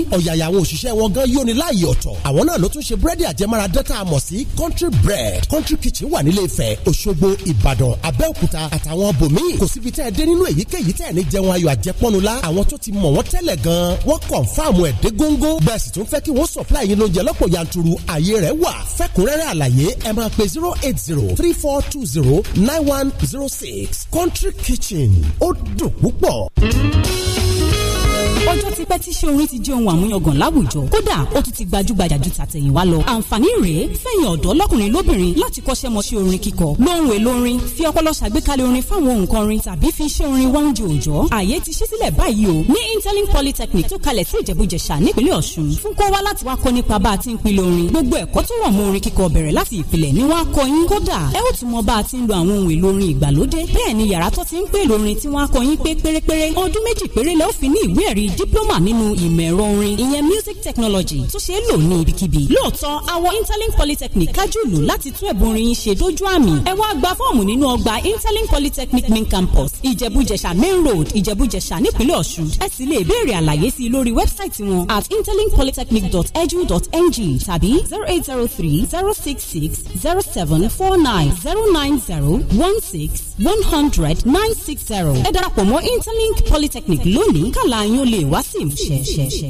ní ọ̀yàyà àwọn òṣìṣẹ́ wọn gan yóò ní láàyè ọ̀tọ̀ àwọn náà ló tún ṣe búrẹ́dì àjẹmára dẹ́ta àmọ̀ sí country bread country kitchen wà nílé Ifẹ̀ Òṣogbo Ìbàdàn Abẹ́òkúta àtàwọn bòmíì kò síbi tẹ́ ẹ dé nínú èyíkéyìí tẹ́ ẹ ní jẹun ayọ̀ àjẹpọ́nu la àwọn tó ti mọ̀ wọ́n tẹ́lẹ̀ gan wọ́n kọ̀ǹfàmù ẹ̀ dé góńgó bẹ́ẹ̀ sì tún fẹ́ supply yín lóúnjẹ lọ́pọ̀ yanturu àyè rẹ̀ wà fẹ́kúnrẹ́rẹ́ zero eight zero three four two zero nine one zero six country kitchen ó dùn ọjọ́ ti pẹ́ tí ṣé ti jẹ́ ohun àmúyangàn láwùjọ kódà ó tún ti gbajúgbajà ju tàtẹ̀yìnwá lọ. àǹfààní rèé fẹ̀yìn ọ̀dọ́ lọ́kùnrin lóbìnrin láti kọ́ṣẹ́ mọṣẹ́ orin kíkọ lóhùn èlò orin fi ọpọlọ ṣàgbékalẹ̀ orin fáwọn òǹkọrin tàbí fi iṣẹ́ orin wá oúnjẹ òòjọ́. ààyè ti ṣí sílẹ̀ báyìí o ní interlink polytechnic tó kalẹ̀ sí ìjẹ̀bújẹ̀ṣà nípínlẹ̀ ọ̀ṣun fún kó wá láti wá kọ́ nípa bá a ti ń pilẹ̀ orin gbogbo ẹ̀kọ́ tó rọ̀ mọ́ orin kíkọ bẹ̀rẹ̀ láti ìpìlẹ̀ ni wọ́n á kọ́ yín kódà ẹ ó tún mọ bá a ti ń lo àwọn ohun èlò orin ìgbàlódé bẹ́ẹ̀ ni yàrá tó ti ń pè lórin tí wọ́n á kọ́ yín pé pérépéré ọdún méjì péré lẹ́ ó fi ní ìwé ẹ̀rí Diploma nínú ìmọ̀ ẹ̀rọ orin ìyẹn music technology tó ṣe é lò ní ibikíbi. lóòótọ́ àwọn interlink polytechnic kájú lù láti tún ẹ̀bùn orin yín ṣe dójú àmì. ẹ wá gba fọ́ọ̀mù nínú ọgbà interlink polytechnic main campus ìjẹ̀bújẹ̀ṣà main road ìjẹ̀bújẹ̀ṣà nípínlẹ̀ ọ̀ṣun. ẹ sì lè béèrè àlàyé sí i lórí wẹ́bsáìtì wọn at interlinkpolytechnic.edu.ng tàbí zero eight zero three zero six six zero seven four nine zero nine zero one six one hundred nine six zero ẹ darapọ̀ mọ́ interlink polytechnic lónìí kàlà yín ó lè wá sí ìmúṣẹ.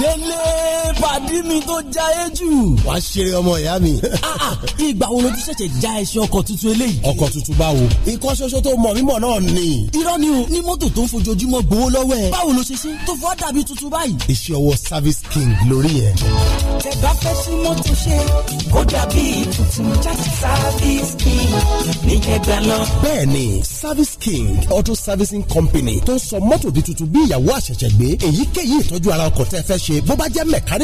délé pàdí mi tó já e jù. wàá ṣeré ọmọ ìyá mi. Ah, ah, ìgbà wo ló ti ṣẹ̀ṣẹ̀ já ẹṣin ọkọ̀ tuntun eléyìí. ọkọ̀ tuntun báwo. nǹkan ṣoṣo tó mọ̀ mímọ̀ náà ni. irọ́ ni o ní mọ́tò tó ń fojoojúmọ́ gbowó lọ́wọ́ ẹ̀. báwo ló ṣe ṣe tó fọ́ dàbí tuntun báyìí. iṣẹ́ ọwọ́ service king lórí ẹ̀. tẹ̀gbá fẹ́ sí mọ́tò ṣe kó dàbí tuntun service king ní kẹgbẹ́ lọ. bẹ́ẹ̀ni service king auto servicing company tó ń sọ mọ́tò di tuntun bí ìyàwó àṣẹ̀ṣẹ̀ gbé èyíkéyìí ìtọ́jú ara ọkọ̀ tẹ́ fẹ́ ṣe bó bá jẹ́ mẹ̀kárí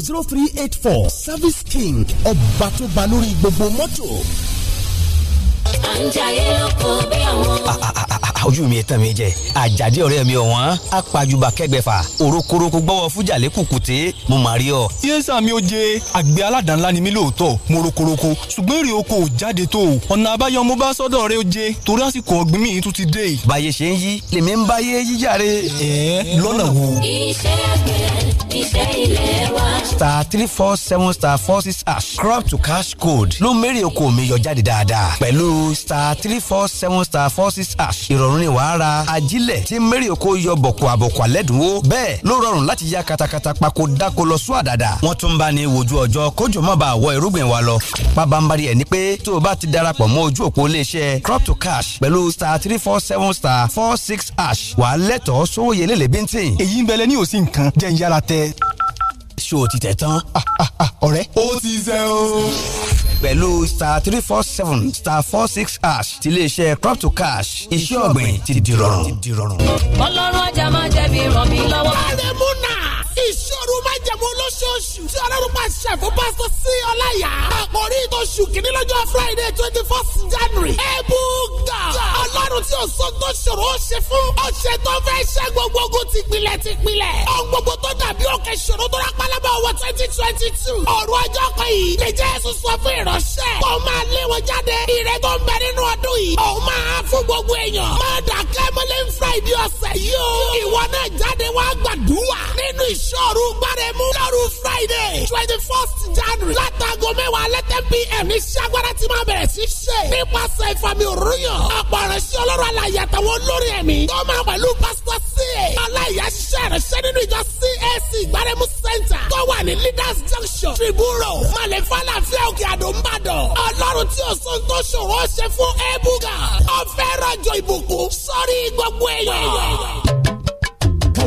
zero three eight four service king ọba tó ba lórí gbogbo mọ́tò ojú mi tán mi jẹ àjàdí ọ̀rẹ́ mi ọ̀wọ́n apàjùbà kẹgbẹ̀fà òrókòrókò gbọ́wọ́ fújàlẹ kùkùté mo mà rí ọ. yéésà mi ò jẹ àgbẹ̀ aládàá-ńlá ni mí lóòótọ́ mo rokoroko ṣùgbọ́n èrè oko ò jáde tó o ọ̀nà àbáyọ mo bá sọ́dọ̀ rẹ ó jẹ torí àsìkò ọ̀gbìn mi tún ti dé. báyé ṣe ń yí lèmi ń báyé yíjáre. ẹ lọ́nà wo. iṣẹ́ àgbẹ̀ iṣẹ́ ilé wa. star three four seven star four six hash crop to cash code ló mẹ́rin oko mi yọ jáde dáadáa pẹ̀lú star three four seven star four six hash ìrọ̀rùn ni wàá ra ajílẹ̀ tí mẹ́rin oko yọ bọ̀kọ̀ àbọ̀kọ̀ àlẹ́dùnwó bẹ́ẹ̀ ló rọrùn láti ya katakata pako dáko lọ sún àdàdà wọ́n tún bá ní wojú ọjọ́ kójú mọ́ bá àwọ̀ irúgbìn wa lọ pabambari ẹ̀ ni pé tó o bá ti darapọ̀ mọ́ ojú òpó iléeṣẹ́ crop to cash pẹ̀lú star three four seven star four six hash wàá lẹ́tọ̀ọ́ sówó yẹlẹ́lẹ́ bíntín èyí ń bẹ̀lẹ̀ ní yẹn ṣó o ti tẹ̀ tán ah, ah, ah, ọ̀rẹ́ ó ti ṣe o pẹ̀lú star three four seven star four six hash ti iléeṣẹ́ crop to cash iṣẹ́ ọ̀gbìn ti di rọrùn. ọlọ́run ajá máa jẹ̀bi ràn mí lọ́wọ́. àrẹ̀mú náà ìṣòro májẹ̀mú olóṣooṣù tí ọlọ́run máa ṣe fún pásítọ̀ sí ọláyà. àkòrí ìtòṣù kìíní lọ́jọ́ friday twenty first january. ẹ̀bùn gà ọlọ́run tí òsán tó ṣòro ó ṣe fún. ọ̀sẹ̀ tó fẹ́ ṣe gbogbo ogun tìpilẹ̀ tìpilẹ̀. ohun gbogbo tó dàbí òkè ṣòro tó rápálábà wọ twenty twenty two. ọ̀rọ̀ ọjọ́ kan yìí lè jẹ́ ẹ̀sùn sọ fún ìránṣẹ́. kó máa lé wọn jáde. ire tó ń bẹ nínú ọdún yìí. òun máa fún gbogbo èèyàn. má dàkẹ́ mọ́lẹ́ friday ọ̀sẹ̀ yìí o. ìwọ náà jáde wá gbàdúrà nínú ìṣ ṣọ́ọ̀rù gbáremú lọ́rù friday twenty first january látago mẹ́wàá lẹ́tẹ̀ pm ní ṣàgbára tí máa bẹ̀rẹ̀ sí ṣe nípasẹ̀ ìfàmì òrùyàn ọ̀pọ̀ ìránṣẹ́ ọlọ́run alàyè àtàwọn olórí ẹ̀mí tó máa pẹ̀lú pásítọ̀ sí ẹ̀ aláìyá ṣiṣẹ́ ìránṣẹ́ nínú ìjọ cac gbáremú center tó wà ní leaders junction tribunal malẹ̀ falafel òkè àdó ńbàdàn ọlọ́run tí ò sọ tó ṣòro ṣe fún ebuga ọ̀fẹ́ rọ̀jò ìbùkún sórí gbogbo èèyàn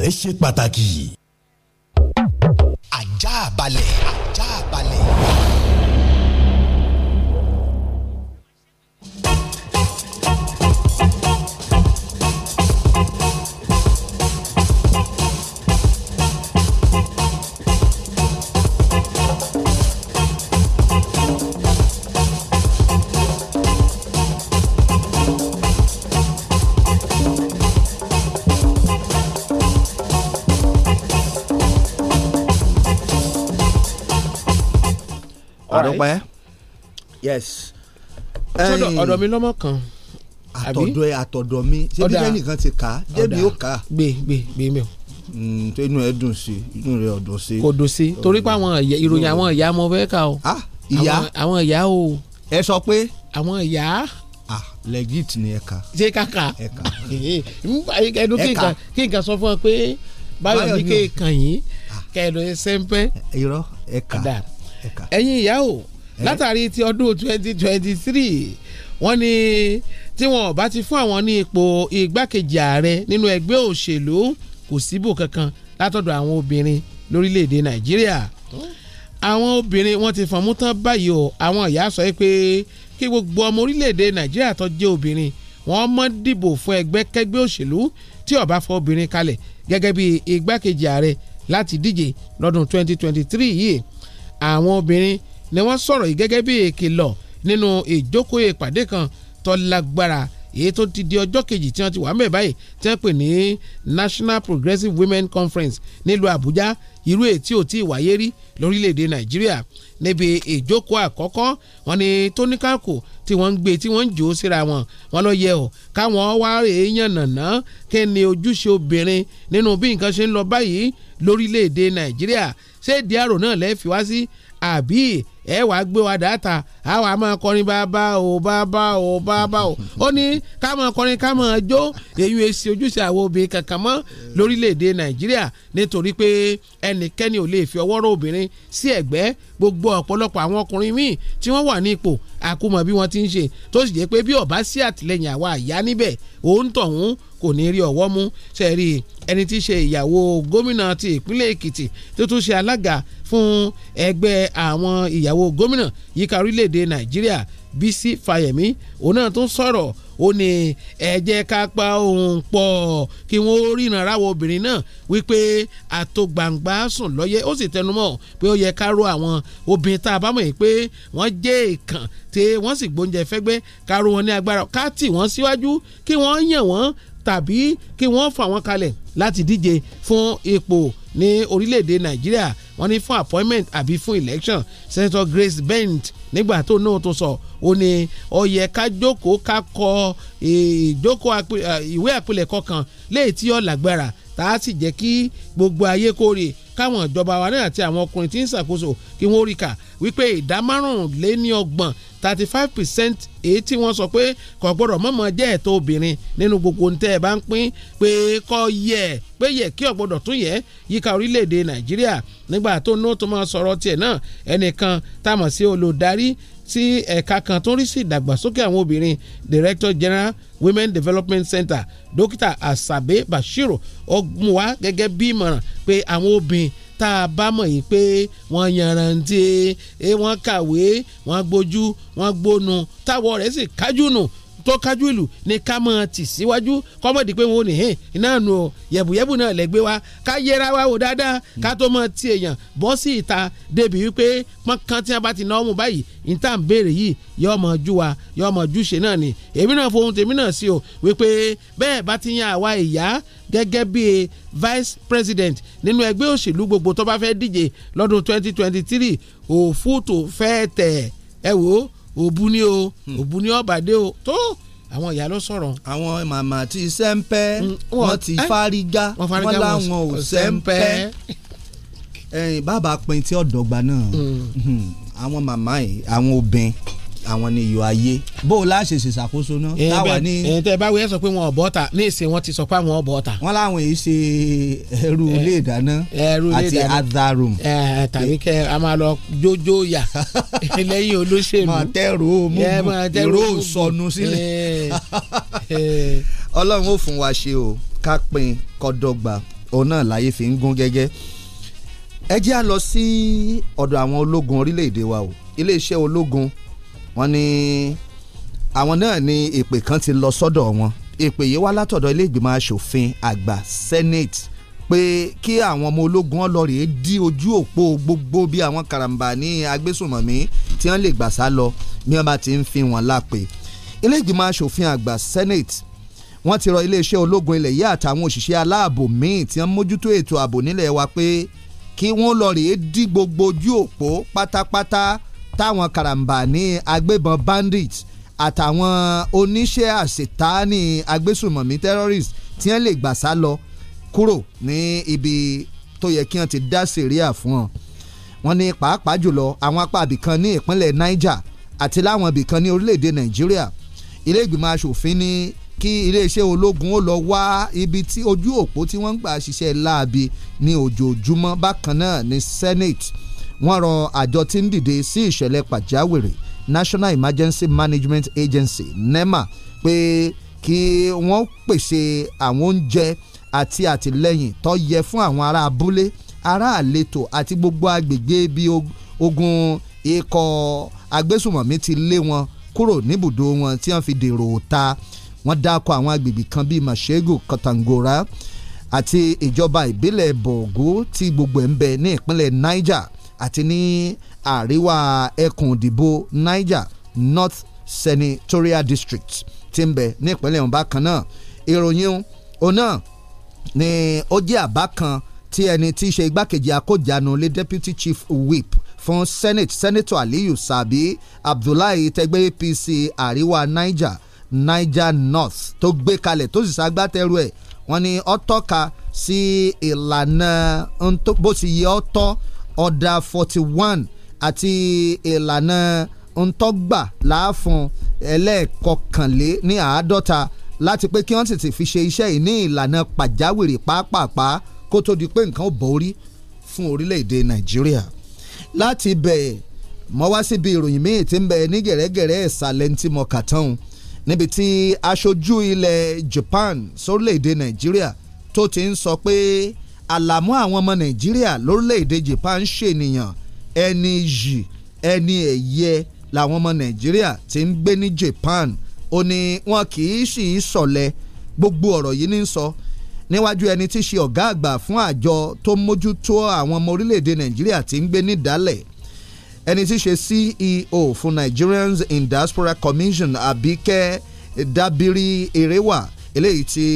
rẹ ṣe pàtàkì. ajá balẹ̀ pẹ́. yes. ọ̀dọ̀ mi lọ́mọ kan. àtọ̀dọ̀ ẹ àtọ̀dọ̀ mi ṣé bí ẹnìkan ti kà á débi ó kà á. gbé gbé gbé mi o. tó hmm, inú ẹ dùn sí inú rẹ ọ̀dọ̀ sí. kò dùn sí torí pé àwọn ìròyìn àwọn ìyá mo fẹ́ kà o. ah ìyá àwọn ìyá o. ẹ sọ pé. àwọn ìyá ah legit ni ẹka. ṣé kàkà ẹka ẹnu kí nǹkan sọ fún ọ pé báyọ̀ ní kéèkàn yìí ah. kẹ̀dọ̀ sẹ́ńpẹ́. irọ́ ẹka ẹka. ẹ̀yin ìyá o Eh? látàrí ti ọdún twenty twenty three wọ́n ní tí wọn bá ti fún àwọn ní ipò igbákejì ààrẹ nínú ẹgbẹ́ òṣèlú kò síbò kankan látọ̀dọ̀ àwọn obìnrin lórílẹ̀‐èdè nàìjíríà àwọn obìnrin wọn ti fọ̀mú tán báyìí o àwọn ìyá sọ pé kí gbogbo ọmọ orílẹ̀‐èdè nàìjíríà tó jẹ́ obìnrin wọn mọ́ dìbò fún ẹgbẹ́ kẹgbẹ́ òṣèlú tí ó bá fọ obìnrin kalẹ̀ gẹ́gẹ́ bí igbákejì ààrẹ láti díje lọ́dún 2023 yìí àwọn obìnrin ni wọ́n sọ̀rọ̀ yìí gẹ́gẹ́ bí ìkìlọ̀ nínú ìjókòó ìpàdé kan tó lágbára èyí tó ti di ọjọ́ kejì tí wọ́n ti wà mẹ́ báyìí tí wọ́n pè ní National Progressive Women Conference nílùú Àbújá irú èyí tí ò tí ì wáyé rí lórílẹ̀‐èdè Nàìjíríà níbi ìjókòó àkọ́kọ́ wọn ni tóníkàkù tí wọ́n ń gbé tí wọ́n ń jò ó síra wọn wọn lọ yẹ ọ káwọn wá èèyàn nàná kí ni ojúṣe obìnrin nínú bí nǹkan ṣe ń lọ báyìí lórílẹ̀‐èdè Nàìjíríà ṣé ìdí àrò náà lẹ́ẹ̀fi wá sí àbí ẹ wà á gbé wa dáta a wà á máa kọrin bàbá o bàbá o bàbá o ó ní ká máa kọrin ká máa jó èyí èsì ojúṣe àwọn obìnrin kankan mọ́ lórílẹ̀‐èdè nàìjíríà nítorí pé ẹnikẹ́ni ò lè fi ọwọ́ rọ obìnrin sí ẹ̀gbẹ́ gbogbo ọ̀pọ̀lọpọ̀ àwọn ọkùnrin míì tí wọ́n wà ní ipò àkúmọ̀ bí wọ́n ti ń ṣe tó sì jẹ́ pé bí ọ̀bá sí àtìlẹyìn àwa àyá níbẹ̀ òun tọ̀hún kò ní rí ọwọ́ mú sẹ́ẹ̀rì ẹni tí í ṣe ìyàwó gómìnà ti ìpínlẹ̀ Èkìtì tó tún ṣe alága fún ẹgbẹ́ àwọn ìyàwó gómìnà yíká orílẹ̀-èdè Nàìjíríà Bísí Fáyẹ̀mí òun náà tún sọ̀rọ̀ ó ní ẹ jẹ́ ká pa òun pọ̀ kí wọ́n ó rí ìrànláwọ́ obìnrin náà wípé àtògbàǹgbà sùn lọ́yẹ́ ó sì tẹnumọ́ pé ó yẹ ká ró àwọn obìnrin tá a bá mọ̀ yìí pé wọ́n jẹ́ èèkàn tí wọ́n sì gbóúnjẹ fẹ́gbẹ́ ká ró wọn ní agbára ká tì wọ́n síwájú kí wọ́n yàn wọ́n tàbí kí wọ́n fà wọ́n kalẹ̀ láti díje fún ipò ní orílẹ̀-èdè Nàìjíríà wọ́n ní fún appointment àbí fún election Senator Grace Bent nígbà tó náà tó sọ ó ní ó yẹ ká jókòó ká kọ ìjókòó ìwé àpilẹ̀kọ kan léyìí tí ó lágbára tá a sì jẹ́ kí gbogbo ayé kórè káwọn ìjọba wa náà àti àwọn ọkùnrin tí ń ṣàkóso kí wọ́n rí kà wípé ìdá márùnléníọgbọ̀n thirty five percent èyí tí wọ́n sọ pé kò gbọ́dọ̀ mọ̀mọ́ jẹ́ ẹ̀tọ́ obìnrin nínú gbogbo ntẹ́ ẹ̀ bá ń pín pé kò yẹ pé yẹ kí ó gbọ́dọ̀ tún yẹ yíká orílẹ̀-èdè nàìjíríà nígbà tó ní ó tó máa sọ̀rọ̀ tiẹ̀ náà ẹnìkan táàmọ̀ sí olùdarí tí ẹ̀ka kan tó ń rí sí ìdàgbàsókè àwọn obìnrin director general women development center dókítà asabe bashiru ó mú wá gẹ́gẹ́ bí ìmọ̀ràn pé àwọn obìnrin tá a bá mọ̀ yìí pé wọ́n yanrantí wọ́n kàwé wọ́n gbójú wọ́n gbónu táwọ̀ rẹ̀ sì kájú nù tó kájú ìlú ni ká mọ̀ tì síwájú kọ́mọ̀dé pé wọn ò ní hìn iná nu yẹ̀bùyẹ̀bù náà lẹ́gbẹ́ wa ká yẹra wa wò dáadáa ká tó mọ̀ ti èèyàn bọ́ sí ìta débi wípé pọ́nkán tí wọ́n bá ti ná ọmú báyìí níta ń béèrè yìí yọ mọ̀ ju wa yọ mọ̀ ju ṣe náà ni èmi náà fohùn tèmi náà sí o wípé bẹ́ẹ̀ bá ti yan àwa ìyá gẹ́gẹ́ bí vice president nínú ẹgbẹ́ òṣèlú gbogbo tó bá fẹ́ díje lọ́dún 2023 òfúùtù fẹ́ tẹ̀ ẹ wò ó òbu ni o hmm. òbu ni ọ̀bàdé o tó àwọn ìyá ló sọ̀rọ̀. àwọn màmá ti sẹ́ńpẹ́ hmm, wọ́n ti fárígá wọ́n láwọn ò sẹ́ńpẹ́ bàbá pin tí ọ̀dọ́gba náà hmm. àwọn màmá yìí àwọn obìnrin àwọn ni iyọ̀ ayé bó o láṣẹ ṣe ṣàkóso náà. ẹ bẹ ẹ tẹ báwo ẹ sọ pé wọn ọbọ ta ní ìsìn wọn ti sọ pé àwọn ọbọ ta. wọn láwọn èyí ṣe ẹrú ilé ìdáná àti ada room. ẹ tàbí kẹ a máa lọ jójó yà lẹ́yìn olóṣèlú. máa tẹrù mú ìró sọnù sílẹ̀. ọlọ́run ó fún wa ṣe o ká pín kọ́dọ́gba òun náà láyé fi ń gún gẹ́gẹ́ ẹ jẹ́ à lọ sí ọ̀dọ̀ àwọn ológun orílẹ̀-èdè wa o iléeṣẹ́ ológun wọ́n ní àwọn náà ní ìpè kan ti lọ sọ́dọ̀ wọn ìpè yìí wá látọ̀dọ̀ ilé ìgbìmọ̀ asòfin àgbà senate pé kí àwọn ọmọ ológun ọlọ́rìí dí ojú òpó gbogbo bí àwọn karambà ní agbésùnmọ̀mí tí wọ́n lè gbà sá lọ bí wọ́n bá ti ń fi wọn lápè ilé ìgbìmọ̀ asòfin àgbà senate wọ́n ti rọ iléeṣẹ́ ológun ilẹ̀ yìí àtàwọn òṣìṣẹ́ aláàbò míì tí wọ́n mójútó ètò ààbò nílẹ̀ wa pé kí wọ́n lọ rèé dí gbogbo ojú òpó pátápátá táwọn karambani agbébọn bandits àtàwọn oníṣẹ́ àṣetáni agbésùmọ̀mí terrorist tí wọ́n lè gbà sá lọ kúrò ní ibi tó yẹ kí wọ́n ti dá sẹ̀ríà fún wọn. wọ́n ní pàápàá jùlọ àwọn apá abìkan ní ìpínlẹ̀ Niger àti láwọn abìkan ní orílẹ̀-èdè Nàìjíríà ilé ìgbìmọ̀ asòfin ní kí iléeṣẹ́ ológun ó lọ wá ibi tí ojú òpó tí wọ́n ń gbà ṣiṣẹ́ láabi ní ojoojúmọ́ bákan náà ní Senate wọ́n rọ àjọ tí ń dìde sí ìṣẹ̀lẹ̀ pàjáwìrì National Emergency Management Agency NEMA pé kí wọ́n pèsè àwọn oúnjẹ àti àtìlẹ́yìn tó yẹ fún àwọn ará abúlé ará àletò àti gbogbo agbègbè bíi ogun ikọ̀ agbésùmọ̀mí ti lé wọn kúrò níbùdó wọn tí wọ́n fi dèrò ta wọ́n dákọ̀ àwọn agbègbè kan bíi Mashegu Katangora àti ìjọba ìbílẹ̀ bọ̀gó tí gbogbo ẹ̀ ń bẹ ní ìpínlẹ̀ Niger àti ní àríwá ẹkùn ìdìbò Niger North Senatorial District tí ń bẹ nípínlẹ̀ ọ̀hún bákan náà ìròyìn òun náà ni ó jẹ́ àbá kan tí ẹni tí í ṣe igbákejì akójànú lé deputy chief whip fún senate senator aliyu sabi abdullahi tẹgbẹ́ apc àríwá niger niger north tó gbé kalẹ̀ tó sì ṣagbátẹrù ẹ̀ wọ́n ní ó tọ́ka sí ìlànà bó ti yẹ ọ́ tọ́ ọ̀dà forty one àti ìlànà ntọ́gbà láàfún ẹlẹ́ẹ̀kọkànlé ní àádọ́ta láti pé kí wọ́n sì ti fi ṣe iṣẹ́ yìí ní ìlànà pàjáwìrì pápápá kó tó di pé nǹkan ò borí fún orílẹ̀-èdè nàìjíríà láti bẹ̀ẹ̀ mọ́ wá síbi ìròyìn míì tí ń bẹ ní gẹ̀rẹ́gẹ̀rẹ́ ìsàlẹ̀ ntí mọ̀kàtàn níbi tí aṣojú ilẹ̀ Japan sórílẹ̀-èdè nàìjíríà tó ti ń sọ pé àlàmú àwọn ọmọ nàìjíríà lórílẹ̀‐èdè japan ṣènìyàn ẹni yì ẹni ẹ̀yẹ làwọn ọmọ nàìjíríà ti ń gbé ní japan ó ní wọn kì í sì í sọ̀lẹ̀ gbogbo ọ̀rọ̀ yìí ní sọ níwájú ẹni tí í ṣe ọ̀gá àgbà fún àjọ tó mójútó àwọn ọmọ orílẹ̀‐èdè nàìjíríà ti ń gbé ní ìdálẹ̀ ẹni tí ṣe CEO fún Nigerians in Diaspora Commission Abike Dabiri Erewa eléyìí tí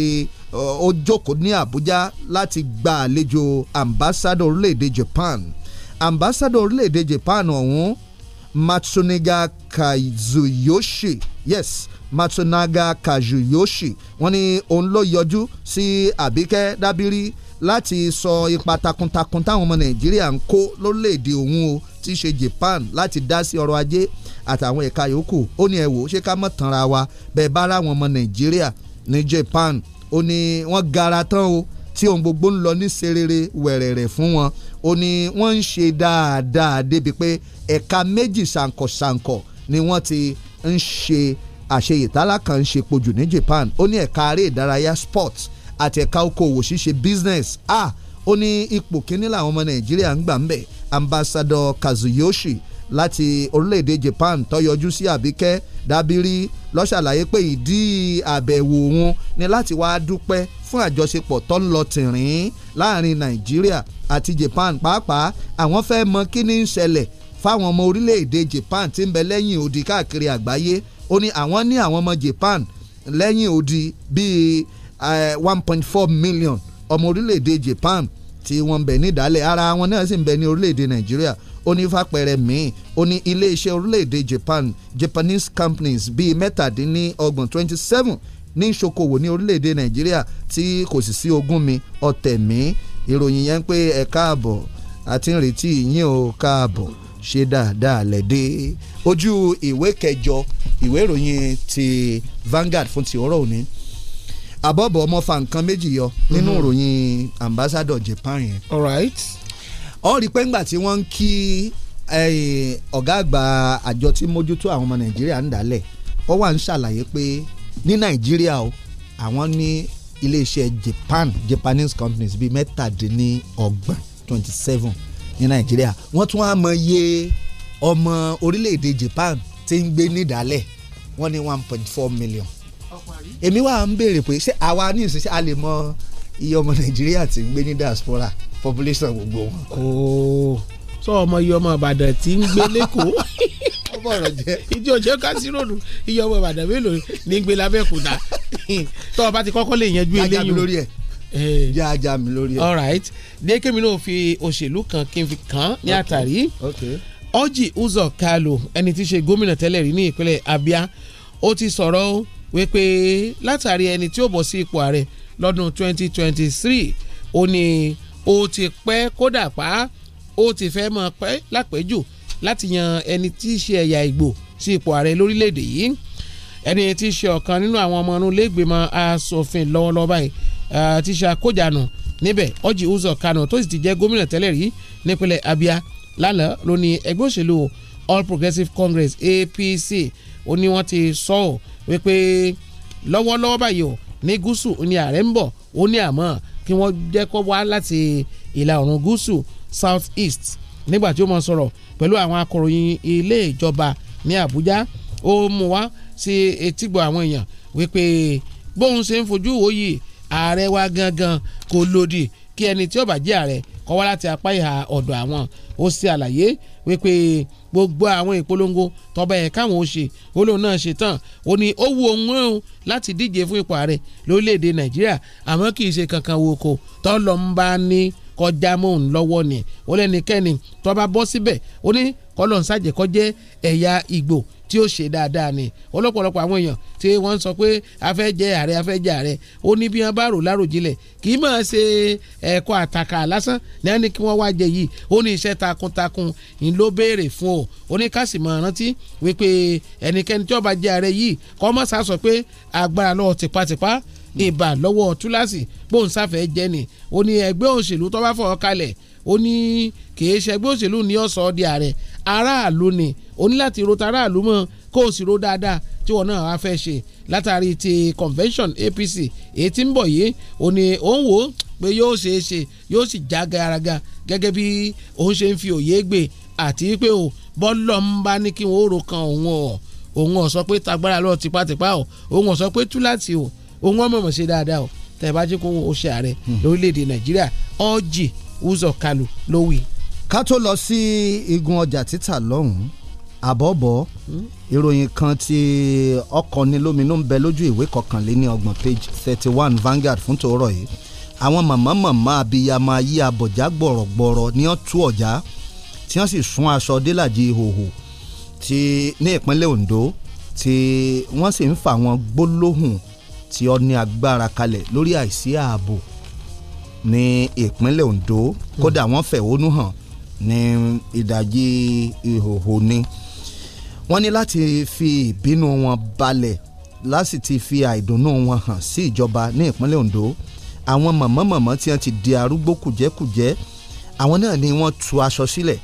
ó jókòó ní Àbújá láti gba àlejò ambassador orílẹ̀-èdè Japan ambassador orílẹ̀-èdè Japan ọ̀hún Matsunaga Kazuyoshi yes Matsunaga Kazuyoshi wọ́n ní òun ló yọjú sí Àbíkẹ́ Dábírí láti sọ ipa takuntakun táwọn ọmọ Nàìjíríà ń kó lórílẹ̀‐èdè òun o ti ṣe Japan láti dá sí ọrọ̀ ajé àtàwọn ẹ̀ka yòókù ó ní ẹ wò ó ṣe ká mọ̀ tanra wa bẹ́ẹ̀ bá ra àwọn ọmọ Nàìjíríà ní Japan ó ní wọ́n gara tán o tí ohun gbogbo ń lọ ní serere wẹ̀rẹ̀rẹ̀ fún wọn ó ní wọ́n ń ṣe dáadáa débi pé ẹ̀ka méjì ṣàǹkọ̀ṣàǹkọ̀ ni wọ́n ti ń ṣe àṣeyìtálá kan ń ṣe pojù ní Japan ó ní ẹ̀ka eré ìdárayá sports àti ẹ̀ka okòwò ṣíṣe business ah. ó ní ipò kíní làwọn ọmọ Nàìjíríà ń gbà ń bẹ̀ ambassador Kazuyoshi láti orílẹ̀-èdè Japan tó yọjú sí Àbíkẹ́ Dábírí ló ṣàlàyé pé ìdí àbẹ̀wò òun ni láti wáá dúpẹ́ fún àjọṣepọ̀ tó ń lọ tìrín láàrin Nàìjíríà àti Japan pàápàá àwọn fẹ́ mọ kí ní ń ṣẹlẹ̀ fáwọn ọmọ orílẹ̀-èdè Japan tí ń bẹ lẹ́yìn odi káàkiri àgbáyé ó ní àwọn ní àwọn ọmọ Japan lẹ́yìn odi bíi eh, one point four million ọmọ orílẹ̀-èdè Japan tí wọ́n ń bẹ nídàálẹ̀ ara wọn náà sì ń bẹ ní orílẹ̀-èdè Nàìjíríà ó ní fàpẹẹrẹ mi, ó ní iléeṣẹ́ orílẹ̀-èdè Japan Japanese companies bíi mẹ́tàdínlọ́gbọ̀n twenty seven ní ìṣokòwò ní orílẹ̀-èdè Nàìjíríà tí kò sì sí ogún mi ọ̀tẹ̀ mi ìròyìn yẹn ń pé ẹ káàbọ̀ àti ń retí yín o káàbọ̀ ṣe dáadáa lẹ́dẹ́ ojú ìwé kẹjọ ìwé ìròyìn ti Vanguard fún ti ọ̀rọ̀ òní àbọ̀bọ̀ ọmọ fa nǹkan méjì yọ nínú mhm. ìròyìn ambassador Japan yẹn. all right ọ rí pé ńgbà tí wọ́n ń kí ọ̀gá àgbà àjọ tí mójútó àwọn ọmọ nàìjíríà ń dálẹ̀ ó wà ń ṣàlàyé pé ní nàìjíríà o àwọn ní iléeṣẹ́ japan japanese companies bíi mẹ́tàdínlọ́gbọ̀n twenty seven ní nàìjíríà wọ́n tún á mọ iye ọmọ orílẹ̀-èdè japan tí ń gbé nídàálẹ̀ wọ́n ní one point four million èmi wà ń béèrè pé ṣé àwa ní ìsinsìnyí a lè mọ iye ọmọ nàìjíríà tí ń gbé ní diaspora population gbogbo ooo sọ ọmọ iye ọmọ Ìbàdàn tí ń gbé lẹ́kọ̀ọ́ ọmọ ọ̀rọ̀ jẹ́. ìjọ jẹ́ ká ròdù iye ọmọ Ìbàdàn mélòó ní gbé lábẹ́kúta tọ́ ọ ti kọ́kọ́ lè yanjú eléyìí. ajá mi ajá mi lórí ẹ̀. all right dékè mi náà fi òṣèlú kan kí n fi kàn án ní àtàrí Orji Uzor Kalu ẹni tí í ṣe gómìnà tẹ́lẹ̀ rí ní ìpínlẹ̀ Abia ó ti sọ̀rọ̀ ó wípé látàrí ẹni tí ó bọ̀ sí ipò ààrẹ lọ́dún 2023 ó ní ó ti pẹ́ kódà pa ó ti fẹ́ mọ̀ pẹ́ lápẹ́jù láti yan ẹni tí í ṣe ẹ̀yà Ìgbò sí ipò ààrẹ lórílẹ̀‐èdè yìí ẹni tí í ṣe ọ̀kan nínú àwọn ọmọ inú lẹ́gbẹ̀mọ asòfin lọ́wọ́lọ́wọ́ báyìí tí ṣe àkójànù níbẹ̀ Orji Uzor Kanu tó sì ti jẹ́ gómìnà tẹ́lẹ̀ rí nípínlẹ̀ Abia lánàá ló ní ẹgbẹ́ òṣèlú All Progressives Congress APC ó ní wọ́n ti sọ ọ́ wípé lọ́wọ́lọ́wọ́ báyìí ó ní gúúsù ní ààrẹ ń bọ̀ ó ní àmọ́ kí wọ́n jẹ́ kó wá láti ìlà oòrùn gúúsù south east nígbà tí ó mọ̀ sọ̀rọ̀ pẹ̀lú àwọn akọ̀ròyìn ilé ìjọba ní Àbújá ó mú wá sí etígbọ̀ àwọn èèyàn wípé bóun ṣe ń fojú wò ààrẹ wa gangan kò lòdì kí ẹni tí ó bá jẹ́ ààrẹ kó wá láti apá ìhà ọ̀dọ̀ àwọn ó ṣe àlàyé wípé gbogbo àwọn ìpolongo tọba ẹ̀ káwọn ò ṣe olóhùn náà ṣe tán ó ní ó wu òun o láti díje fún ipò ààrẹ lórílẹ̀‐èdè nàìjíríà àmọ́ kì í ṣe kankan wo ko tọ́lọ́ ń bá ní kọjá mọ́ọ̀n lọ́wọ́ ni ó lẹ́nikẹ́ni tọ́ba bọ́ síbẹ̀ ó ní kọ́lọ́ọ̀ṣàjẹ́kọ́jẹ́ ẹ̀yà ìgbò tí ó ṣe dáadáa ni ọlọ́pọ̀lọpọ̀ àwọn èèyàn tí wọ́n sọ pé afẹ́ jẹ ààrẹ afẹ́ jẹ ààrẹ ó ní bí wọ́n bá rò láròjinlẹ̀ kì í máa ṣe ẹ̀kọ́ àtàkà lásán ní wọ́n ní kí wọ́n wá jẹ yìí ó ní iṣẹ́ takuntakun ń ló béèrè fún ọ ó ní kásìmọ̀ rántí wípé ẹnikẹ́ni tí ó bá jẹ ààrẹ yìí kọ́ mọ́ sá sọ pé agbára lọ́wọ́ tipátipá ìbà lọ́wọ́ túláàsì gbóhùnsáfẹ́ jẹ́ ni ó ní ẹgbẹ́ òṣèlú tó bá fọwọ́ kalẹ̀ ó ní kì í ṣe òṣèlú ní ọ̀sán ó ní láti ro taráàlú mọ́ kó o sì ro dáadáa tí wọn náà wá fẹ́ ṣe látàrí ti convention APC èyí tí ń bọ̀ yìí ò ní òun wò ó pé yóò ṣeé ṣe yóò sì já garaga gẹ́gẹ́ bí òun ṣe ń fi òye gbé àti pé o bọ́lọ̀ ń bá ní kí wọ́n ó ro kan òun ọ̀ òun ọ̀ sọ pé tagbára lọ tipátipá o òun ọ̀ sọ pé tú láti o òun ọ̀ mọ̀mọ̀ ṣe dáadáa o tẹ̀ bá jẹ́ kó o ṣe ààrẹ hmm. lórílẹ̀‐èdè Nàìjíríà ọ̀jì Uzo Kalu lówì. ká tó lọ sí igun ọjà títà lọ́hùn-ún àbọ̀bọ̀ ìròyìn kan tí ọkọ̀ni lóminú ń bẹ lójú ìwé kọkànléní ọgbọ̀n page thirty one Vanguard fún tòórọ̀ yìí àwọn màmá màmá abiyamọ ayé abọ̀já gbọ̀rọ̀gbọ̀rọ̀ ni wọ́n tú ọ̀já tí wọ́n sì sún aṣọ délàjì ìhòhò tí ní ìpínlẹ̀ Ondo tí wọ́n sì ń fa àwọn gbólóhùn tí ó ní agbára kalẹ̀ lórí àìsí ààbò ní ìpínlẹ̀ Ondo kódà wọ́n fẹ̀hónú hàn ní ìdajì ìhòhò ni. Mm wọ́n ní láti fi ìbínú wọn balẹ̀ láti ti fi àìdùnnú wọn hàn sí ìjọba ní ìpínlẹ̀ Ondo àwọn mọ̀mọ́mọ̀mọ́ tí wọ́n ti di arúgbó kùjẹ́kùjẹ́ àwọn náà ni wọ́n tu aṣọ sílẹ̀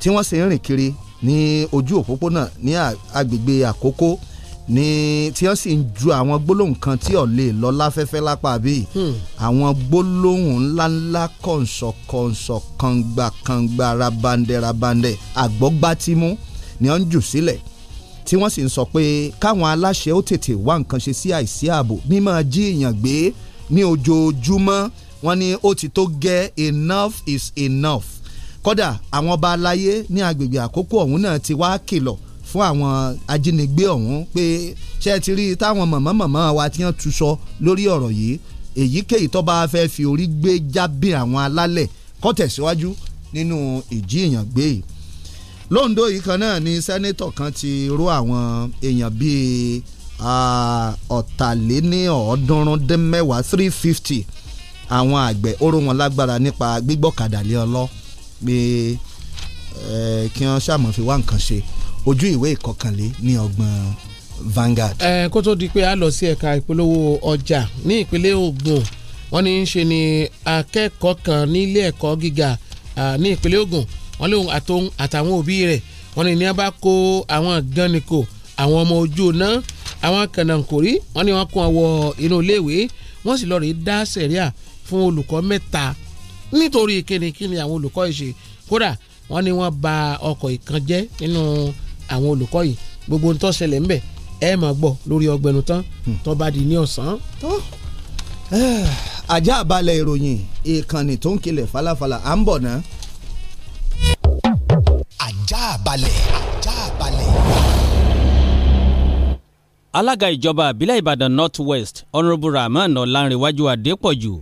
tí wọ́n sì ń rìn kiri ní ojú òpópónà ní agbègbè àkókò ní tí wọ́n sì ń ju àwọn gbólóhùn kan tí ò lè lọ láfẹ́fẹ́ lápá bíi hmm. àwọn gbólóhùn ńláńlá kọ̀ǹsọ̀kọ̀ǹsọ̀ kàngbàkàngbà rabandẹ rabandẹ àgbọ́gbátímú ni wọ́n ń jù sílẹ̀ tí wọ́n sì ń sọ pé káwọn aláṣẹ ó tètè wá nǹkan ṣe sí àìsí ààbò mímọ́ jí èèyàn gbé ní ojoojúmọ́ wọ́n ní ó ti tó gẹ́ enough is enough kódà àwọn ọba aláyé ní agbègbè àkókò ọ̀hún náà ti wá kìlọ̀ fún àwọn ajínigbé ọ̀hún pé ṣé ẹ ti rí i táwọn mọ̀mọ́mọ̀mọ́ wa ti hàn tu sọ lórí ọ̀rọ̀ yìí èyíkéyìí tó bá fẹ́ fi orí gbé jábìn àwọn alálẹ̀ kó tẹ̀síwájú nínú ìjíyàn gbé yìí Lóńdó yìí kan náà ni sẹ́nẹ́tọ̀ kan ti rú àwọn èèyàn bíi ọ̀tàléníọ̀ọ́dúnrún dín mẹ́wàá three fifty àwọn àgbẹ̀ oró wọn lágbára nípa gbígbọ́kadà lé ọlọ́ pé kí wọ́n ṣàmọ̀ fi wá nǹkan ṣe ojú ìwé ìkọkànlé ní ọgbọ̀n Vanguard. ẹ kó tó di pé a lọ sí ẹ̀ka ìpolówó ọjà ní ìpínlẹ̀ Ògùn wọ́n ní í ṣe ni akẹ́kọ̀ọ́ kan nílé ẹ̀kọ́ gíga ní ìpínlẹ̀ Ògùn wọ́n lóun àtòun àtàwọn òbí rẹ̀ wọ́n ní ní a bá kó àwọn gánnikò àwọn ọmọ ojú náà àwọn kànáńkòrí wọ́n ní wọ́n kó wọn wọ inú iléèwé wọ́n sì lọ́ọ́ rí dá sẹ̀ríà fún olùkọ́ mẹ́ta nítorí kínníkínní àwọn olùkọ́ yìí ṣe kódà wọ́n ní wọ́n ba ọkọ̀ ìkan jẹ́ nínú àwọn olùkọ́ yìí gbogbo ntọ́ ṣẹlẹ̀ ńbẹ̀ ẹ máa gbọ́ lórí ọgbẹ́nu tán hmm. tó di ní ọ̀sán. ajá balẹ̀ ìròyìn ìkànnì tó ń kilẹ̀ falafala à ń bọ̀ náà Ajabale, Ajabale. alága ìjọba àbílẹ̀ ìbàdàn north west honourable rahman ọ̀làǹrẹ̀wájú adépọ̀jù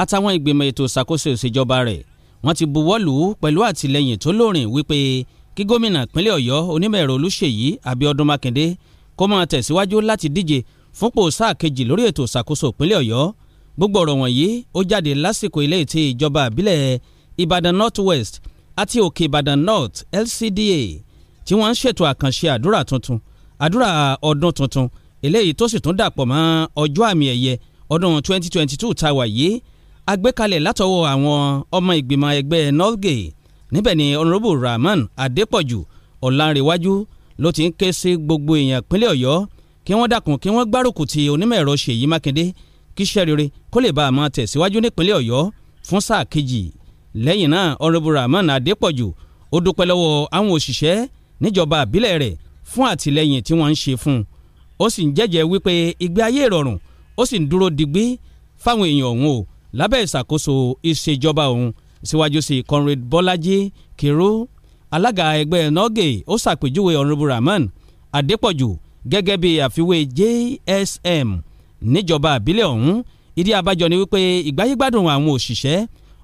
àtàwọn ìgbìmọ̀ ètò ìṣàkóso ìṣèjọba rẹ̀ wọ́n ti buwọ́ lù ú pẹ̀lú àtìlẹ́yìn tó lóòrìn wípé kí gómìnà ìpínlẹ̀ ọ̀yọ́ onímọ̀-ẹ̀rọ olúṣèyí abíọ́dún mákindé kó máa tẹ̀síwájú láti díje fúnpò sáà kejì lórí ètò ìṣàkóso ìpínlẹ̀ ọ̀yọ́ gbogbo ọ̀rọ̀ wọ̀nyí ó jáde lásìkò ilé ètè ìjọba àbílẹ̀ ìbàdàn north west àti òkè ìbàdàn north lcda tí wọ́n ń ṣètò àkànṣe àdúrà tuntun àdúrà ọdún tuntun eléyìí tó sì tún dàpọ̀ mọ́ ọjọ́ àmì ẹ̀yẹ ọdún 2022 tá a wà yìí àgbékalẹ̀ látọwọ́ àwọn ọmọ ìgbìmọ̀ ẹgbẹ́ northgate níbẹ̀ ni honourable rahman adépọ̀jù ọ̀làǹrẹ̀wájú ló ti ń ké sí gbogbo èèyàn ìpínlẹ̀ ọ̀yọ́ kí wọ́n dákun kí wọ́n gbárùkù ti onímọ̀ ẹ̀rọ ṣèyí mákindé kíṣẹ́ rere kó lè bá a tẹ̀síwájú nípínlẹ̀ ọ̀yọ́ fún sáà kejì lẹ́yìn náà ọ̀rẹ́bù Rahman Adépọ̀jù ó dúpẹ́ lọ́wọ́ àwọn òṣìṣẹ́ níjọba àbílẹ̀ rẹ̀ fún àtìlẹ́yìn tí wọ́n ń ṣe fún un ó sì ń jẹ́jẹ́ wípé ìgbé ayé ìrọ̀rùn ó sì ń dúró digbí fáwọn èèyàn òun o lábẹ́ ìṣàkóso ìṣèjọba òun síwájú sí Conrad Bọ́lájí Kiro alága ẹgbẹ́ nọ́gẹ̀ ó ṣàpèjúwe ọ̀rẹ́bù Rahman Adépọ̀jù gẹ́gẹ́ bí àfiwé JSM níjọba àbílẹ̀ ọ̀hún ìdí abájọ ni wípé ìgbáyégbádùn àwọn òṣìṣẹ́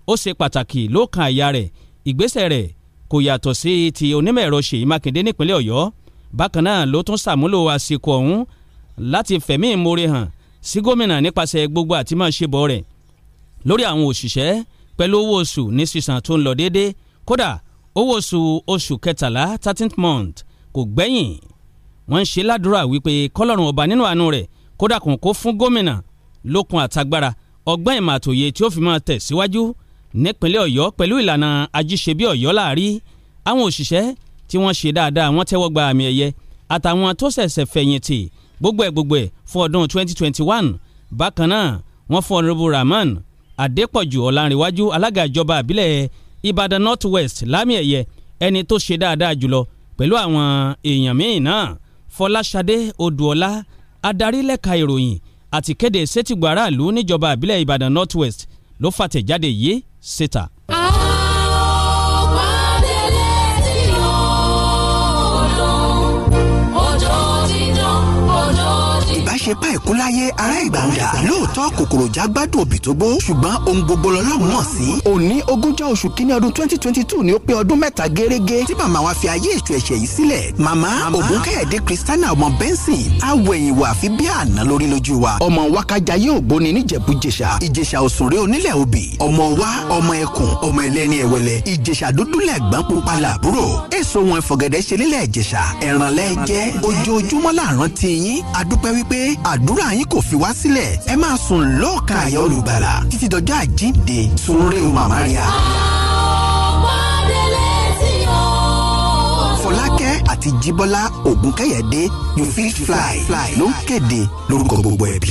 ó ṣe pàtàkì lọ́kàn àyà rẹ̀ ìgbésẹ̀ rẹ̀ kò yàtọ̀ sí ti onímọ̀ ẹ̀rọ Ṣèyí Mákindé nípínlẹ̀ Ọ̀yọ́ bákan náà ló tún ṣàmúlò àsìkò ọ̀hún láti fẹ̀mí ìmoore hàn sí gómìnà nípasẹ̀ gbogbo àti máa ṣe bọ̀ rẹ̀ lórí àwọn òṣìṣẹ́ pẹ̀lú owó oṣù ní sísan tó ń lọ déédéé kódà owó oṣù oṣù kẹtàlá thirteenth month kò gbẹ́yìn wọ́n ń ṣe ládùúrà wípé kọ́lọ́run ọba nínú àánú rẹ̀ kódà kò fún gómìnà lókun àtagbára ọgbọ́n ìmọ̀ tí ó fi máa tẹ̀ si nípínlẹ̀ ọ̀yọ́ pẹ̀lú ìlànà ajíṣebí ọ̀yọ́ láàrí àwọn òṣìṣẹ́ tí wọ́n ṣe dáadáa wọ́n tẹ́wọ́ gba àmì ẹ̀yẹ àtàwọn tó ṣẹ̀ṣẹ̀ fẹ̀yìntì gbogbo ẹ̀ gbogbo ẹ̀ fún ọdún 2021 bákan náà wọ́n fún ọ̀nrẹ́bù rahman adépọ̀jù ọ̀làǹrẹ̀wájú alága ìjọba àbílẹ̀ ìbàdàn north west lámì ẹ̀yẹ ẹni tó ṣe dáadáa jùlọ pẹ̀lú àwọn èèyàn míì náà fọláṣadé odùọlá adarí lẹ́ka ìròyìn àtìkéde sétìgbò aráàlú níjọba àbílẹ̀ ìbàdàn north west ló fàtẹ̀jáde yìí síta ṣe pa ìkúláyé ará ìgbàlódà lóòótọ́ kòkòrò já gbádùn òbí tó gbó ṣùgbọ́n ohun gbogbo lọ́lọ́run mọ̀ sí. òní ogúnjọ́ oṣù kínní ọdún twenty twenty two ni ó pé ọdún mẹ́ta gẹ́rẹ́gẹ́ tí màmá wa fi ayé ètò ẹ̀ṣẹ̀ yìí sílẹ̀ màmá ògúnkẹ́yẹ̀dé kristiana ọmọ benson awẹ̀yìn wà bí àná lórí lójú wa ọmọ wákàjà yóò gbóni níjẹ̀bú jẹ̀ṣà ìjẹ̀ṣà òsùnrẹ́ onílẹ̀ òbí ọmọ wa ọmọ ẹkùn ọmọ ẹlẹ́ni ẹ̀wẹ̀lẹ̀ ìjẹ̀ṣà dúdú lẹ̀gbọ́n pupa làbúrò èso wọn ìfọ̀gẹ̀dẹ̀ ṣe nílẹ̀ ìjẹ̀ṣà ẹ̀rànlẹ́ jẹ́ ojoojúmọ́ láàrántí yín adúpẹ́ wípé pé àdúrà yín kò fi wá sílẹ̀ ẹ máa sùn lọ́ọ̀ka àyà olùgbàlà títí dọjọ́ àjíǹde sùn rẹ̀ fọlákẹ́ àti jíbọ́lá ògúnkẹ́yẹ̀dé you fit fly ló ń kéde lórúkọ gbogbo ẹbí.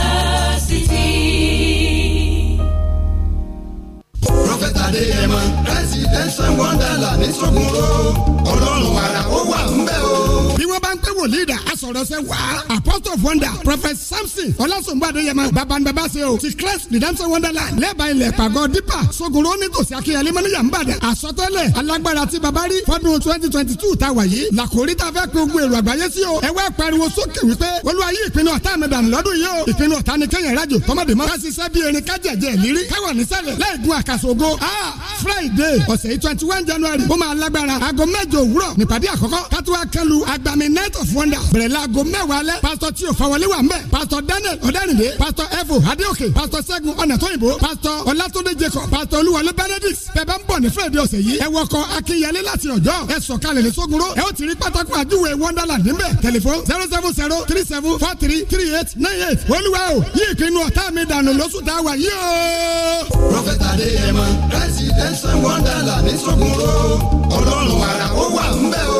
Adéyẹmọ presidential wonderland ní Sogoro ọlọ́run ara ó wà ń bẹ̀ o. bí wọ́n bá ń pẹ́ wòlíì dà a sọ̀rọ̀ sẹ́ wá. apostle of wonder prophet samson ọlásùnbọ̀ Adéyẹmọ babanbaba ṣe o ti christ redemption wonderland lẹ́ẹ̀bà ilẹ̀ pàgọ́ dípà Sogoro nítòsí akínyẹlé mọ́níyà ń bàdàn. àsọtẹ́lẹ̀ alágbára ti bàbá rí fọdún twenty twenty two ta wà yìí làkòrí ta fẹ́ pe ogun èrò àgbáyé sí o. ẹ wá pariwo sókè wípé olúwa yí ìpinnu ọ̀tá mi dànù lọ́dún yìí o. ìpinnu ọ̀tá ni kẹ́yìn rájò tọmọdé mọ́. ká ṣiṣẹ́ bí erin kájẹ̀jẹ̀ lírí káwọn nísàlẹ̀ láì friday ọ̀sẹ̀ yìí twenty one january ó máa lágbára aago mẹ́jọ òwúrọ̀ nípàdé àkọ́kọ́ kátúwá kẹlu agbami night of wonders bẹ̀rẹ̀ laago mẹ́wàá alẹ́ pásítọ̀ tí o fawọlé wà ń bẹ̀ pásítọ̀ daniel ọ̀dẹ́rìndé pásítọ̀ ẹ̀fọ́ adéòkè pásítọ̀ ṣẹ́gun ọ̀nàtọ́yìnbó pásítọ̀ ọlátúndé jacob pásítọ̀ olúwọlé benedict bẹ̀bẹ̀ ń bọ̀ ní friday ọ̀sẹ̀ yìí ẹ wọkọ̀ akínyẹlé láti ọjọ́ ẹ sọ̀kalẹ̀ ní sógunró ẹ ó ti rí pátákó àjúwe wonderland níbẹ̀ tẹlifon zero seven zero three seven four three three eight nine eight olúwa o yí ìpinnu ọ̀tá mi dànù lóṣù tá a wà yí o. prọfẹ̀tà adéyẹmọ residential wonderland ní sọ́gun ro ọlọ́run àrà ó wà ń bẹ̀ o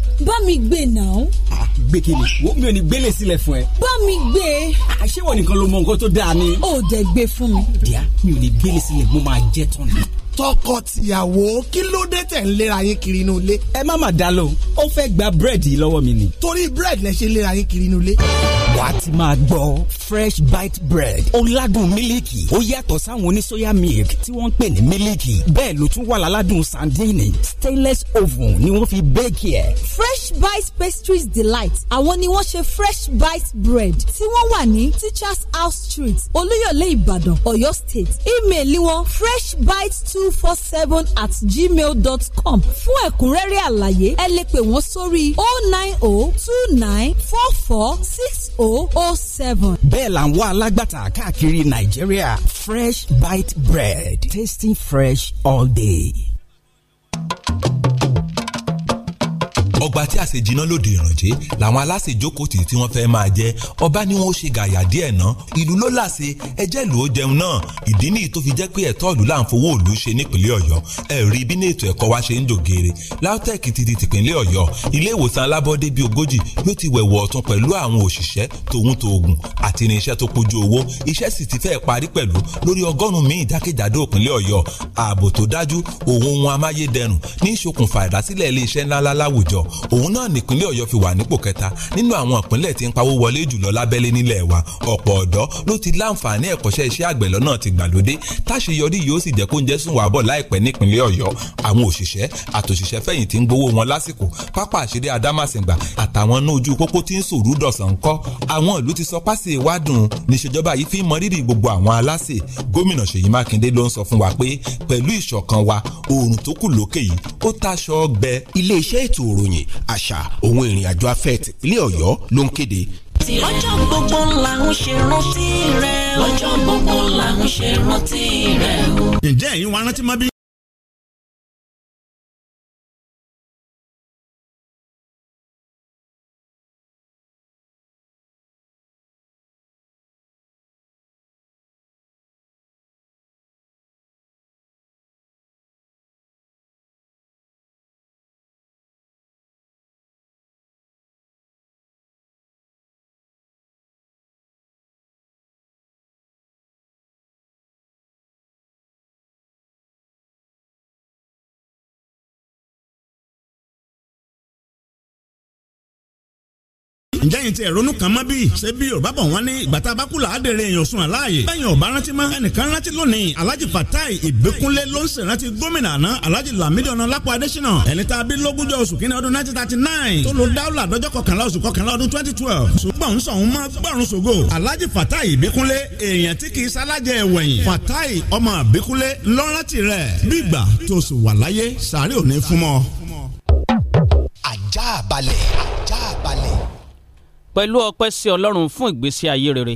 bá mi gbé náà. a gbé kini wo mi ò ní gbélé sílẹ̀ fún ẹ. bá mi gbé. a ṣé wọn nìkan ló mọ nǹkan tó dáa ni. ó dẹ gbé fún mi. díà mi ò ní gbélé sílẹ̀ mo máa jẹ́ tán ni tọkọ tìyàwó kí ló dé tẹ̀ ń léra yín kiri inú ilé. ẹ má mà dá ó fẹ́ gba búrẹ́dì lọ́wọ́ mi ni. torí búrẹ́dì lẹ ṣe léra yín kiri inú ilé. wà á ti máa gbọ́ fresh bite bread ó ládùn mílíkì ó yàtọ̀ sáwọn oníṣòyà milk tí wọ́n ń pè ní mílíkì bẹ́ẹ̀ ló tún wà láládùn sandini stainless oven ni wọ́n fi bẹ́ẹ̀kì ẹ̀. fresh bite pastries delight àwọn ni wọ́n ṣe fresh bite bread tí wọ́n wà ní teachers house street olúyọ̀lé ìbàdàn ọ̀yọ́ state email wọn freshbite two four seven at gmail dot com fún ẹ̀kúnrẹ́rẹ́ àlàyé ẹ lè pè wọ́n sórí o oh nine o oh two nine four four six o oh o seven. bẹ́ẹ̀ là ń wá alágbàtà káàkiri nàìjíríà fresh bite bread tasting fresh all day ọgbà tí àṣejiná lòdì ìrànjẹ́ làwọn aláṣejókòó tì tí wọ́n fẹ́ máa jẹ ọba ni wọ́n ṣe gàyà díẹ̀ ná ìlú ló láṣẹ ẹjẹ́ ìlú ó jẹun náà ìdí nìyí tó fi jẹ́ pé ẹ̀tọ́ ìlú là ń fowó ìlú ṣe nípìnlẹ̀ ọ̀yọ́ ẹ̀rí bí ní ètò ẹ̀kọ́ wa ṣe ń dògèrè LAUTECH ti di tìpínlẹ̀ ọ̀yọ́ ilé ìwòsàn alábọ́dé bíi ogójì yóò ti wẹ̀wọ̀ ọ̀tún pẹ̀lú àwọn òṣìṣẹ́ tòun tòògùn àti irinṣẹ́ tó kojú owó iṣẹ́ ti fẹ́ẹ̀ parí pẹ̀lú lórí ọgọ́rùn-ún míì jákèjádò ìpínlẹ̀ ọ̀yọ́ ààbò tó dájú òun ohun amáyédẹrùn ní ìṣokùnfà ìdásílẹ̀ ilé iṣẹ́ ńláńlá láwùjọ òun náà nípínlẹ̀ ọ̀yọ́ fi wà nípò kẹta nínú àwọn ìpínlẹ̀ tí ń pawó wọlé jùlọ lábẹ́lé nílẹ̀ wa ọ̀pọ̀ ọ̀dọ́ ló ti láǹfààní ẹ̀kọ́ṣẹ́ iṣẹ́ àgbẹ̀ lọ́nà ti gbàlódé táṣeyọrí yóò sì jẹ́ kó ń jẹ́ sùn wà bọ̀ láìpẹ́ nípínlẹ̀ ọ̀yọ́ àwọn òṣìṣẹ́ àtòṣìṣẹ́ fẹ̀yìntì ń gbowó wọn lásìkò pápá àṣírí adámàsìngbà àtàwọn inú ojú pópó tí ń sòrú dọ̀sán kọ́ àwọn ìlú ti sọ pásì ìwádùn níṣèjọba yìí fi mọ rírì gbogbo àwọn aláṣẹ gómìnà Ṣèyí Mákindé ló ń sọ fún wa pé pẹ̀lú ìṣọ̀kan wa oòrùn tó kù lókè yìí ìròyìn àṣà òun ìrìn àjò afẹ́ tìpínlẹ̀ ọ̀yọ́ ló ń kéde ọjọ́ gbogbo là ń ṣe rántí rẹ̀ ọjọ́ gbogbo là ń ṣe rántí rẹ̀ o. ǹjẹ́ ẹ̀yin wa rántí mọ́ bí ǹjẹ́ yìí ti ẹ̀rọnú kan mọ́ bí? ṣé bí yorùbá bọ̀ wọ́n ní ìgbà tá a bá èèyàn sùn àláàyè. bẹ́ẹ̀ yóò bá rántí mọ́ ẹnìkan rántí lónìí alhaji fatai ìbíkúnlé ló ń ṣèrántí gómìnà àná alhaji lamidi ọ̀nàlápọ̀ adésínà ẹni tá a bí lógúnjọ́ oṣù kínní ọdún nineteen thirty nine tó lo dáwùlà dọ́jọ́ kọkànlá oṣù kọkànlá ọdún twenty twelve ṣùgbọ́n sọ̀hún mọ́ gbọ́rùn ṣògo alhaji fatai ìbíkúnlé èèyàn tí kì í sálájẹ ẹ̀wẹ̀yìn fatai ọmọ ìbíkúnlé lọ́rántì rẹ̀ bí ìgbà tó sì wà láyé sàárè òní fún mọ́. ajá balẹ̀ ajá balẹ̀ pẹ̀lú ọpẹ́ sí ọlọ́run fún ìgbésí ayé rere